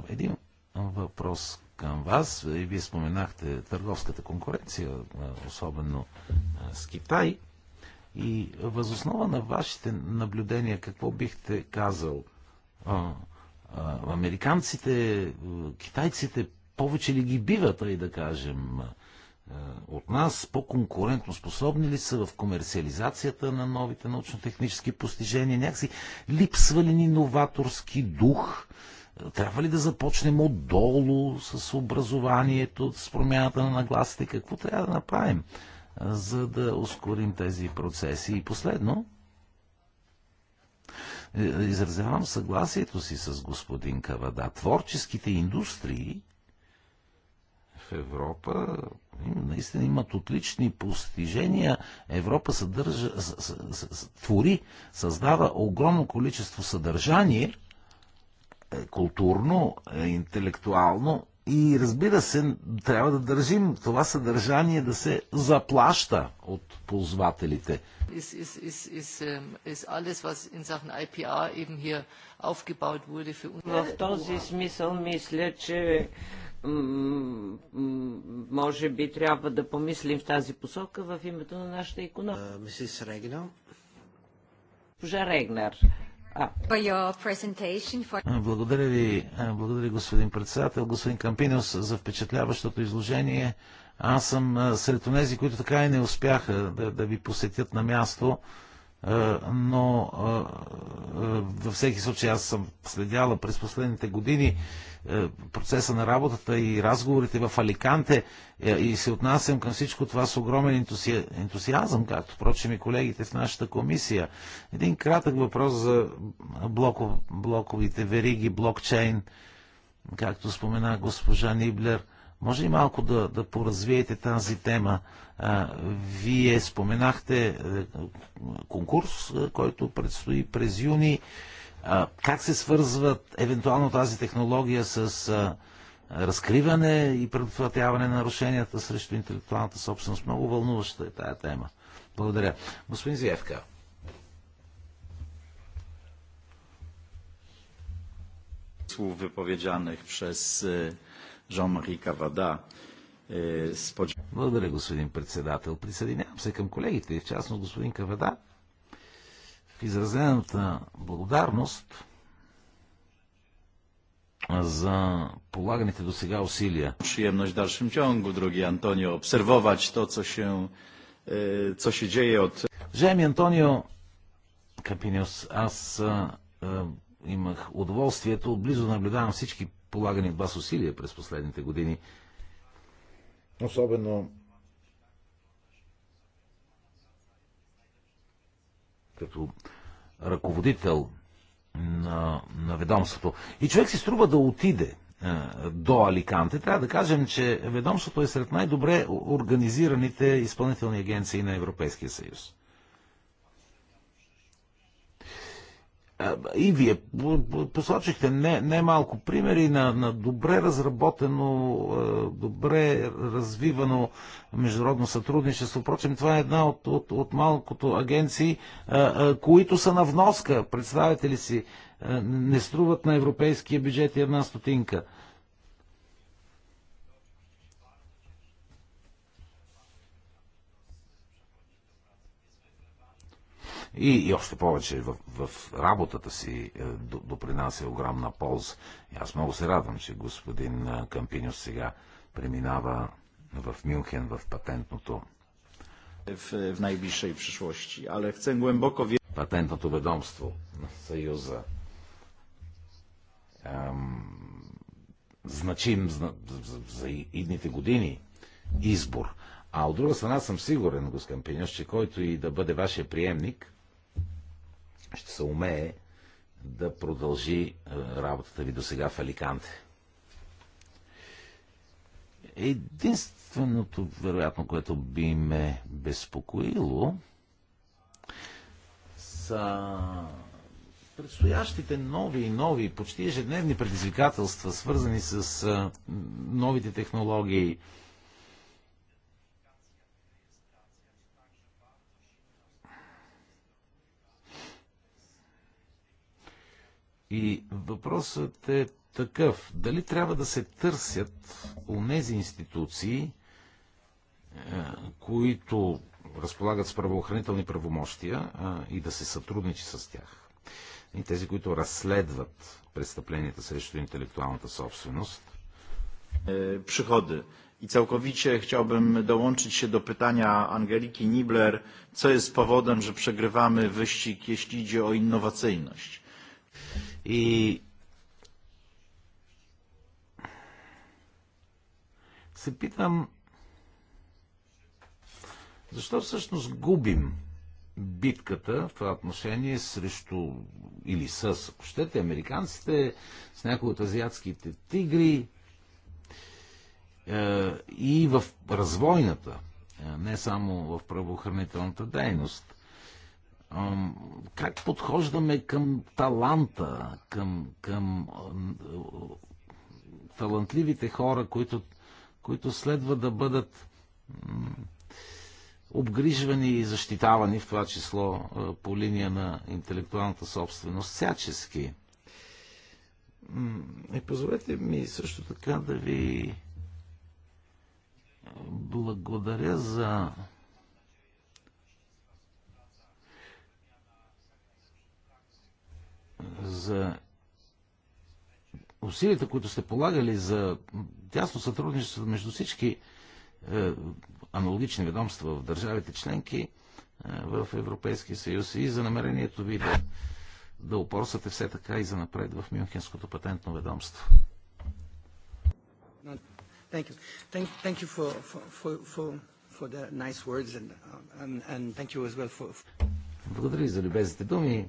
Един въпрос към вас. И вие споменахте търговската конкуренция, особено с Китай. И възоснова на вашите наблюдения, какво бихте казал? Американците, китайците повече ли ги биват, и да кажем, от нас, по-конкурентно способни ли са в комерциализацията на новите научно-технически постижения, някакси липсва ли ни новаторски дух, трябва ли да започнем отдолу с образованието, с промяната на нагласите? Какво трябва да направим, за да ускорим тези процеси? И последно, е, изразявам съгласието си с господин Кавада. Творческите индустрии в Европа наистина имат отлични постижения. Европа съдържа, твори, създава огромно количество съдържание, е културно, е интелектуално и разбира се, трябва да държим това съдържание да се заплаща от ползвателите. В този смисъл мисля, че може би трябва да помислим в тази посока в името на нашата економика. Е, мисис Регнер. Пожа Регнер. Благодаря ви, благодаря господин председател, господин Кампинос за впечатляващото изложение. Аз съм сред тези, които така и не успяха да, да ви посетят на място. Е, но е, е, във всеки случай аз съм следяла през последните години процеса на работата и разговорите в Аликанте и се отнасям към всичко това с огромен ентуси... ентусиазъм, както впрочем и колегите в нашата комисия. Един кратък въпрос за блоковите вериги, блокчейн, както спомена госпожа Ниблер – може ли малко да, да поразвиете тази тема? А, вие споменахте е, конкурс, е, който предстои през юни. А, как се свързват евентуално тази технология с а, разкриване и предотвратяване на нарушенията срещу интелектуалната собственост? Много вълнуваща е тая тема. Благодаря. Господин Зиевка. Słów wypowiedzianych przez Жан-Мари Кавада. Е, Благодаря, господин председател. Присъединявам се към колегите и в частност господин Кавада. В изразената благодарност за полаганите до сега усилия. co się, e, co się dzieje Уважаеми Антонио Капиниус, аз а, е, имах удоволствието, близо наблюдавам всички полагани от вас усилия през последните години. Особено като ръководител на, на ведомството. И човек си струва да отиде е, до Аликанте. Трябва да кажем, че ведомството е сред най-добре организираните изпълнителни агенции на Европейския съюз. И вие посочихте не, не малко примери на, на добре разработено, добре развивано международно сътрудничество. Впрочем, това е една от, от, от малкото агенции, които са на вноска. Представете ли си, не струват на европейския бюджет и една стотинка. И, и още повече в, в работата си е, допринася огромна полза. И аз много се радвам, че господин е, Кампиньос сега преминава в Мюнхен, в патентното. В, е, в най-ближшej przyszłości, але chcę głęboko ви... Патентното ведомство на Съюза. Ем, значим за, за, за идните години избор. А от друга страна съм сигурен, господин че който и да бъде вашия приемник, ще се умее да продължи е, работата ви до сега в Аликанте. Единственото, вероятно, което би ме безпокоило, са предстоящите нови и нови, почти ежедневни предизвикателства, свързани с е, новите технологии, И въпросът е такъв. Дали трябва да се търсят у нези институции, е, които разполагат с правоохранителни правомощия е, и да се сътрудничи с тях. И тези, които разследват престъпленията срещу интелектуалната собственост. Е, przychody. I całkowicie chciałbym dołączyć się do pytania Angeliki Nibler, co jest powodem, że przegrywamy wyścig, jeśli idzie o innowacyjność и се питам, защо всъщност губим битката в това отношение срещу или с, ако щете, американците, с някои от азиатските тигри е, и в развойната, е, не само в правоохранителната дейност как подхождаме към таланта, към, към талантливите хора, които, които следва да бъдат обгрижвани и защитавани, в това число по линия на интелектуалната собственост, всячески. И позволете ми също така да ви благодаря за за усилията, които сте полагали за тясно сътрудничество между всички е, аналогични ведомства в държавите членки е, в Европейския съюз и за намерението ви да, да упорствате все така и за напред в Мюнхенското патентно ведомство. Thank you. Thank, thank you for, for, for, for the nice words and, and, and thank you as well for... Благодаря за любезните думи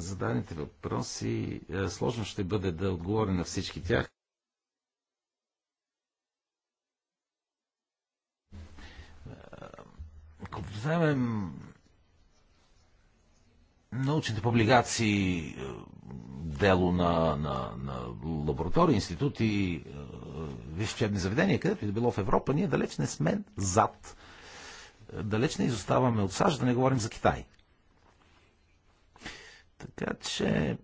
зададените въпроси. Е, сложно ще бъде да отговоря на всички тях. Е, ако вземем научните публикации, е, дело на, на, на лаборатории, институти, висшечебни заведения, където и да било в Европа, ние далеч не сме зад. Далеч не изоставаме от САЩ, да не говорим за Китай. Така че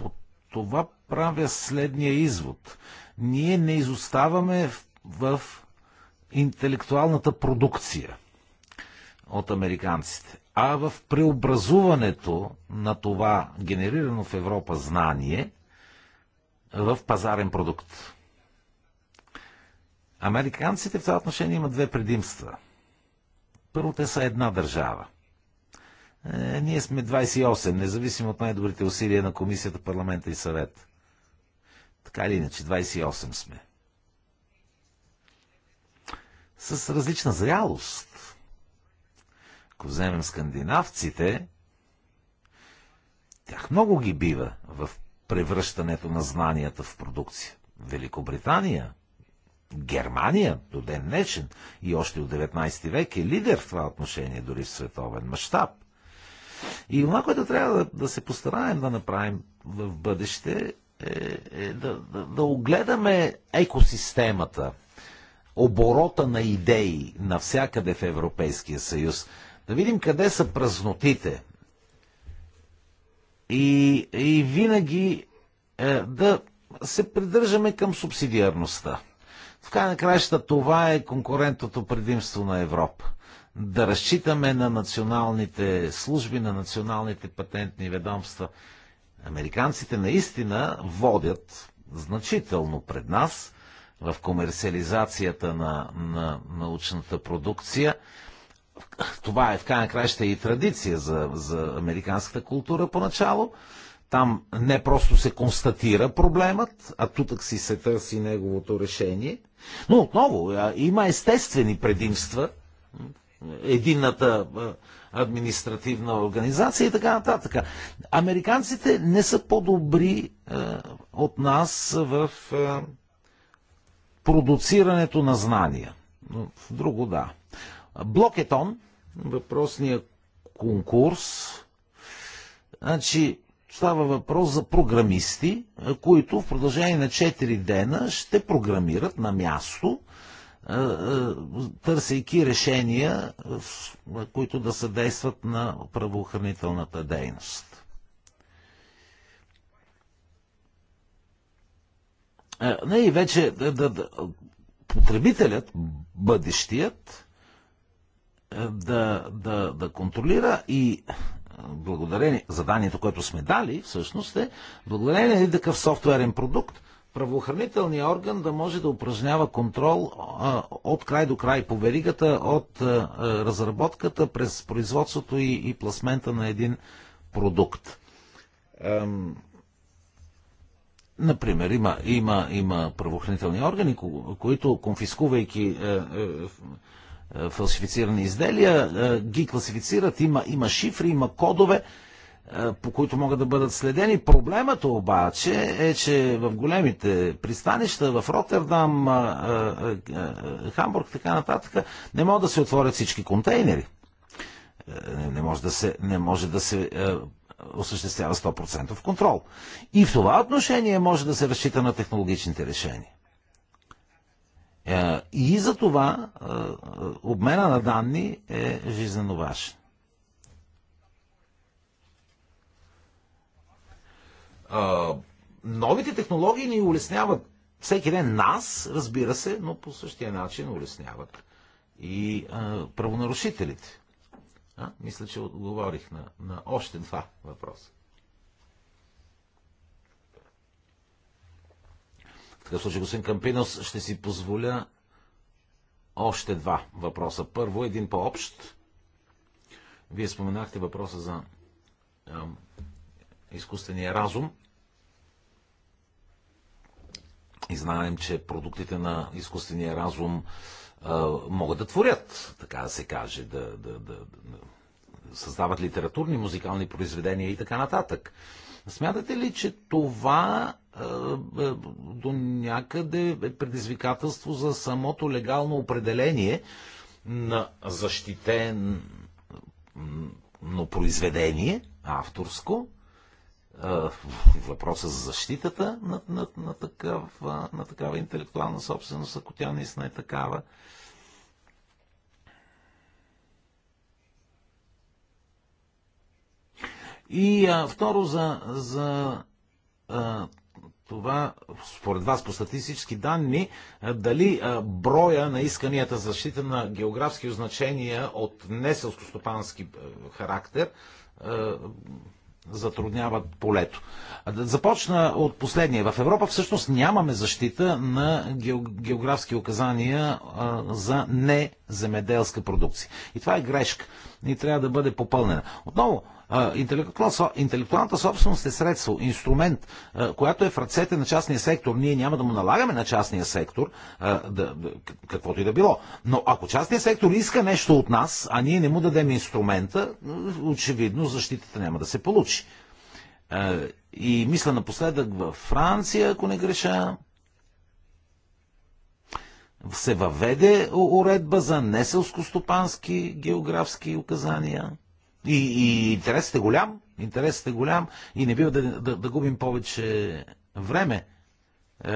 от това правя следния извод. Ние не изоставаме в, в интелектуалната продукция от американците, а в преобразуването на това генерирано в Европа знание в пазарен продукт. Американците в това отношение имат две предимства. Първо, те са една държава – е, ние сме 28, независимо от най-добрите усилия на комисията, парламента и съвет. Така или иначе, 28 сме. С различна зрялост. Ако вземем скандинавците, тях много ги бива в превръщането на знанията в продукция. Великобритания, Германия до ден днешен и още от 19 век е лидер в това отношение, дори в световен мащаб. И това, което трябва да, да се постараем да направим в бъдеще, е, е да, да, да огледаме екосистемата, оборота на идеи навсякъде в Европейския съюз. Да видим къде са празнотите. И, и винаги е, да се придържаме към субсидиарността. В край на краища това е конкурентното предимство на Европа да разчитаме на националните служби, на националните патентни ведомства. Американците наистина водят значително пред нас в комерциализацията на, на научната продукция. Това е в крайна краща и традиция за, за американската култура поначало. Там не просто се констатира проблемът, а тутък си се търси неговото решение. Но отново, има естествени предимства едината административна организация и така нататък. Американците не са по-добри от нас в продуцирането на знания. В друго да. Блокетон, въпросния конкурс, значи става въпрос за програмисти, които в продължение на 4 дена ще програмират на място – търсейки решения, които да съдействат на правоохранителната дейност. Не, и вече да, да, потребителят, бъдещият, да, да, да контролира и благодарение заданието, което сме дали, всъщност е благодарение на такъв софтуерен продукт правоохранителният орган да може да упражнява контрол а, от край до край по веригата, от а, разработката през производството и, и пласмента на един продукт. Ам... Например, има, има, има правоохранителни органи, които конфискувайки е, е, е, фалшифицирани изделия, е, ги класифицират, има, има шифри, има кодове, е, по които могат да бъдат следени. Проблемата обаче е, че в големите пристанища, в Роттердам, е, е, Хамбург, така нататък, не могат да се отворят всички контейнери. Не може да се, не може да се осъществява 100% контрол. И в това отношение може да се разчита на технологичните решения. И за това обмена на данни е жизненно важен. новите технологии ни улесняват всеки ден нас, разбира се, но по същия начин улесняват и а, правонарушителите. А? Мисля, че отговорих на, на още два въпроса. В такъв случай, господин Кампинос, ще си позволя още два въпроса. Първо, един по-общ. Вие споменахте въпроса за а, изкуствения разум. И знаем, че продуктите на изкуствения разум а, могат да творят, така да се каже, да, да, да, да създават литературни, музикални произведения и така нататък. Смятате ли, че това а, до някъде е предизвикателство за самото легално определение на защитено произведение, авторско, въпроса за защитата на, на, на, такава, на такава интелектуална собственост, ако тя наистина е такава. И а, второ, за, за а, това, според вас по статистически данни, дали броя на исканията за защита на географски означения от неселскостопански характер затрудняват полето. Започна от последния. В Европа всъщност нямаме защита на географски указания за неземеделска продукция. И това е грешка. И трябва да бъде попълнена. Отново, Интелектуалната собственост е средство, инструмент, която е в ръцете на частния сектор. Ние няма да му налагаме на частния сектор каквото и да било. Но ако частния сектор иска нещо от нас, а ние не му дадем инструмента, очевидно защитата няма да се получи. И мисля напоследък във Франция, ако не греша, се въведе уредба за неселскостопански географски указания. И, и интересът е голям, интересът е голям и не бива да, да, да губим повече време. Е,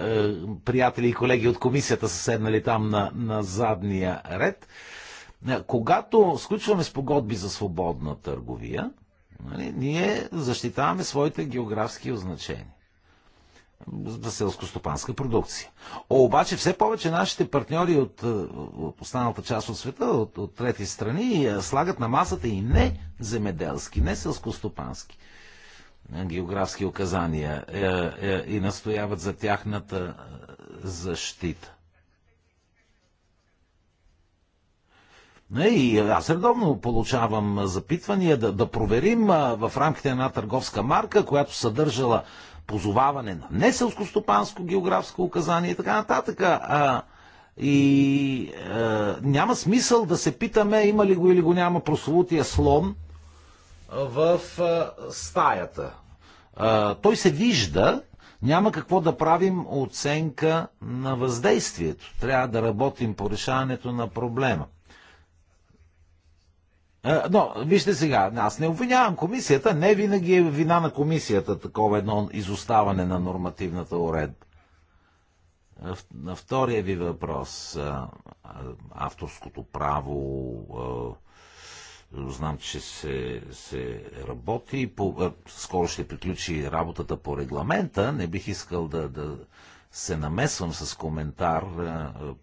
е, приятели и колеги от комисията са седнали там на, на задния ред. Е, когато сключваме спогодби за свободна търговия, нали, ние защитаваме своите географски означения за селскостопанска продукция. Обаче все повече нашите партньори от, е, от останалата част от света, от, от трети страни, е, слагат на масата и не земеделски, не селскостопански е, географски указания е, е, и настояват за тяхната защита. И аз редовно получавам запитвания да, да проверим в рамките на една търговска марка, която съдържала позоваване на неселскостопанско географско указание и така нататък. А, и а, е, няма смисъл да се питаме има ли го или го няма прословутия слон в а, е, стаята. А, е, той се вижда, няма какво да правим оценка на въздействието. Трябва да работим по решаването на проблема. Е, но, вижте сега, аз не обвинявам комисията, не винаги е вина на комисията такова едно изоставане на нормативната уредба. Е, на втория ви въпрос, е, авторското право, знам, че се, се работи, по, скоро ще приключи работата по регламента, не бих искал да, да се намесвам с коментар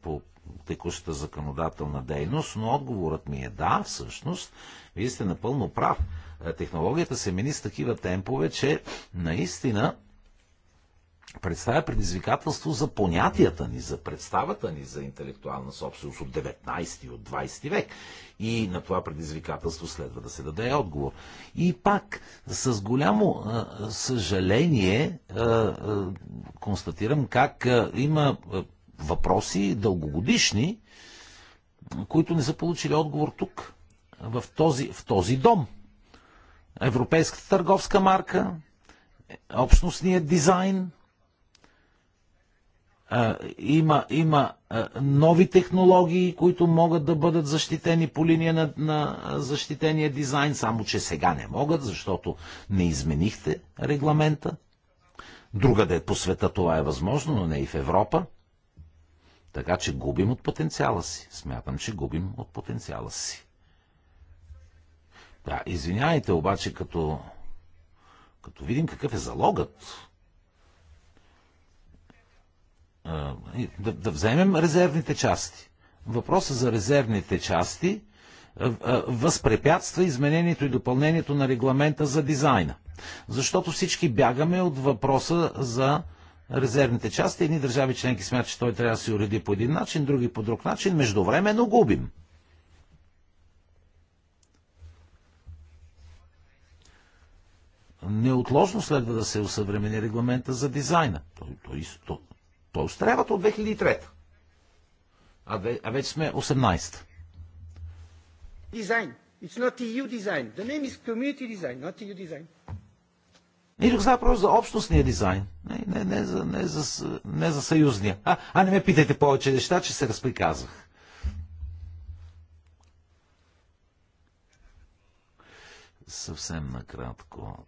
по текущата законодателна дейност, но отговорът ми е да, всъщност, вие сте напълно прав. Е, технологията се мини с такива темпове, че наистина представя предизвикателство за понятията ни, за представата ни за интелектуална собственост от 19 и от 20 век. И на това предизвикателство следва да се даде отговор. И пак, с голямо е, съжаление, е, констатирам как има въпроси, дългогодишни, които не са получили отговор тук, в този, в този дом. Европейската търговска марка, общностният дизайн, има, има нови технологии, които могат да бъдат защитени по линия на, на защитения дизайн, само че сега не могат, защото не изменихте регламента. Другаде по света това е възможно, но не и в Европа. Така че губим от потенциала си. Смятам, че губим от потенциала си. Да, извинявайте, обаче, като, като видим какъв е залогът, да, да вземем резервните части. Въпросът за резервните части възпрепятства изменението и допълнението на регламента за дизайна. Защото всички бягаме от въпроса за резервните части. Едни държави членки смятат, че той трябва да се уреди по един начин, други по друг начин. Междувременно губим. Неотложно следва да се усъвремени регламента за дизайна. Той, той, той, той устряват от 2003. А, а вече сме 18. Дизайн. It's not EU design. The name is community design, not EU design. И тук става просто за общностния дизайн, не, не, не, за, не, за, не за съюзния. А, а не ме питайте повече неща, че се разприказах. Съвсем накратко.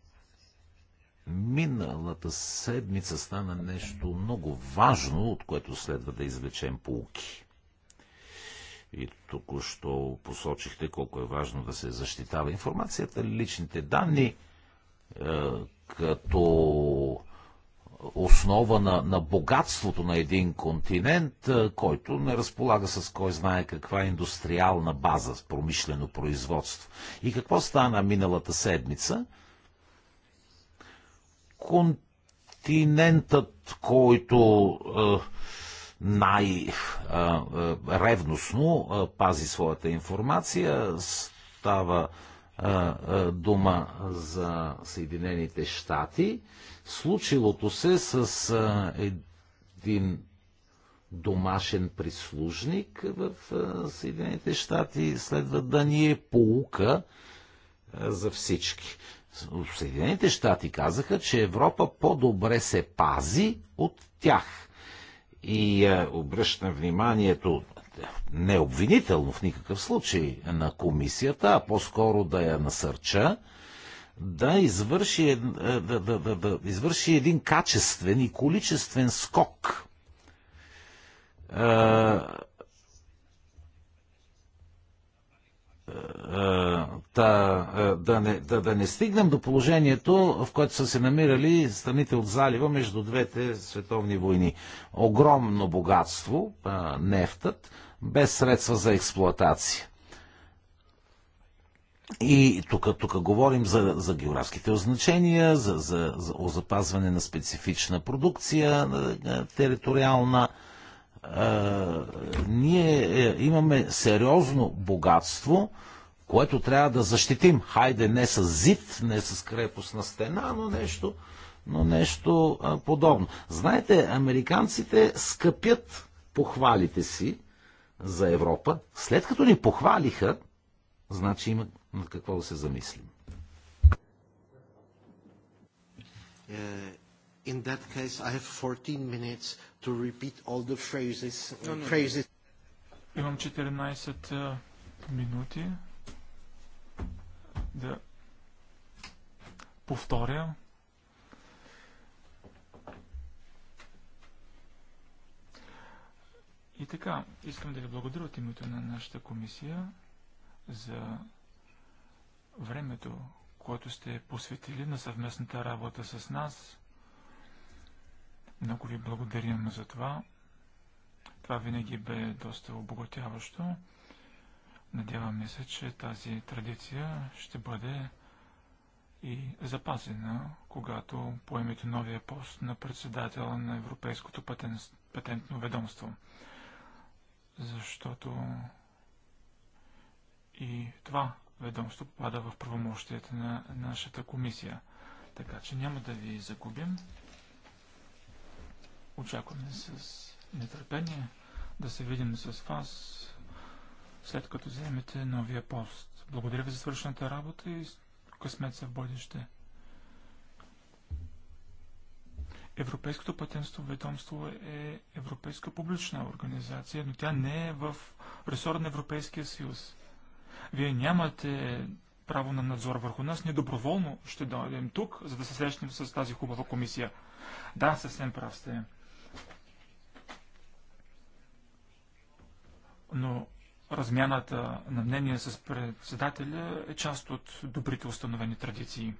Миналата седмица стана нещо много важно, от което следва да извлечем полки. И току-що посочихте колко е важно да се защитава информацията, личните данни – е, като основа на, на богатството на един континент, е, който не разполага с кой знае каква индустриална база с промишлено производство. И какво стана миналата седмица? Континентът, който е, най-ревностно е, е, пази своята информация, става дума за Съединените щати. Случилото се с един домашен прислужник в Съединените щати следва да ни е поука за всички. Съединените щати казаха, че Европа по-добре се пази от тях. И обръщам вниманието е, не обвинително в никакъв случай на комисията, а по-скоро да я насърча да извърши, е, да, да, да, да извърши един качествен и количествен скок. Да, е, да, не, да, да не стигнем до положението, в което са се намирали страните от залива между двете световни войни. Огромно богатство, нефтът, без средства за експлоатация. И тук, тук говорим за, за географските означения, за, за, за запазване на специфична продукция териториална. Е, ние имаме сериозно богатство, което трябва да защитим. Хайде не с зид, не с крепостна стена, но нещо, но нещо подобно. Знаете, американците скъпят похвалите си, за Европа, след като ни похвалиха, значи има на какво да се замислим. Uh, in that case, I have 14 minutes to repeat all the phrases. Uh, no, phrases. Имам 14 uh, минути да повторя И така, искам да ви благодаря от името на нашата комисия за времето, което сте посветили на съвместната работа с нас. Много ви благодарим за това. Това винаги бе доста обогатяващо. Надяваме се, че тази традиция ще бъде и запазена, когато поемете новия пост на председател на Европейското патентно ведомство защото и това ведомство попада в правомощията на нашата комисия. Така че няма да ви загубим. Очакваме с нетърпение да се видим с вас след като вземете новия пост. Благодаря ви за свършената работа и късмет се в бъдеще. Европейското патентство ведомство е европейска публична организация, но тя не е в ресора на Европейския съюз. Вие нямате право на надзор върху нас, ние доброволно ще дойдем тук, за да се срещнем с тази хубава комисия. Да, съвсем прав сте. Но размяната на мнение с председателя е част от добрите установени традиции.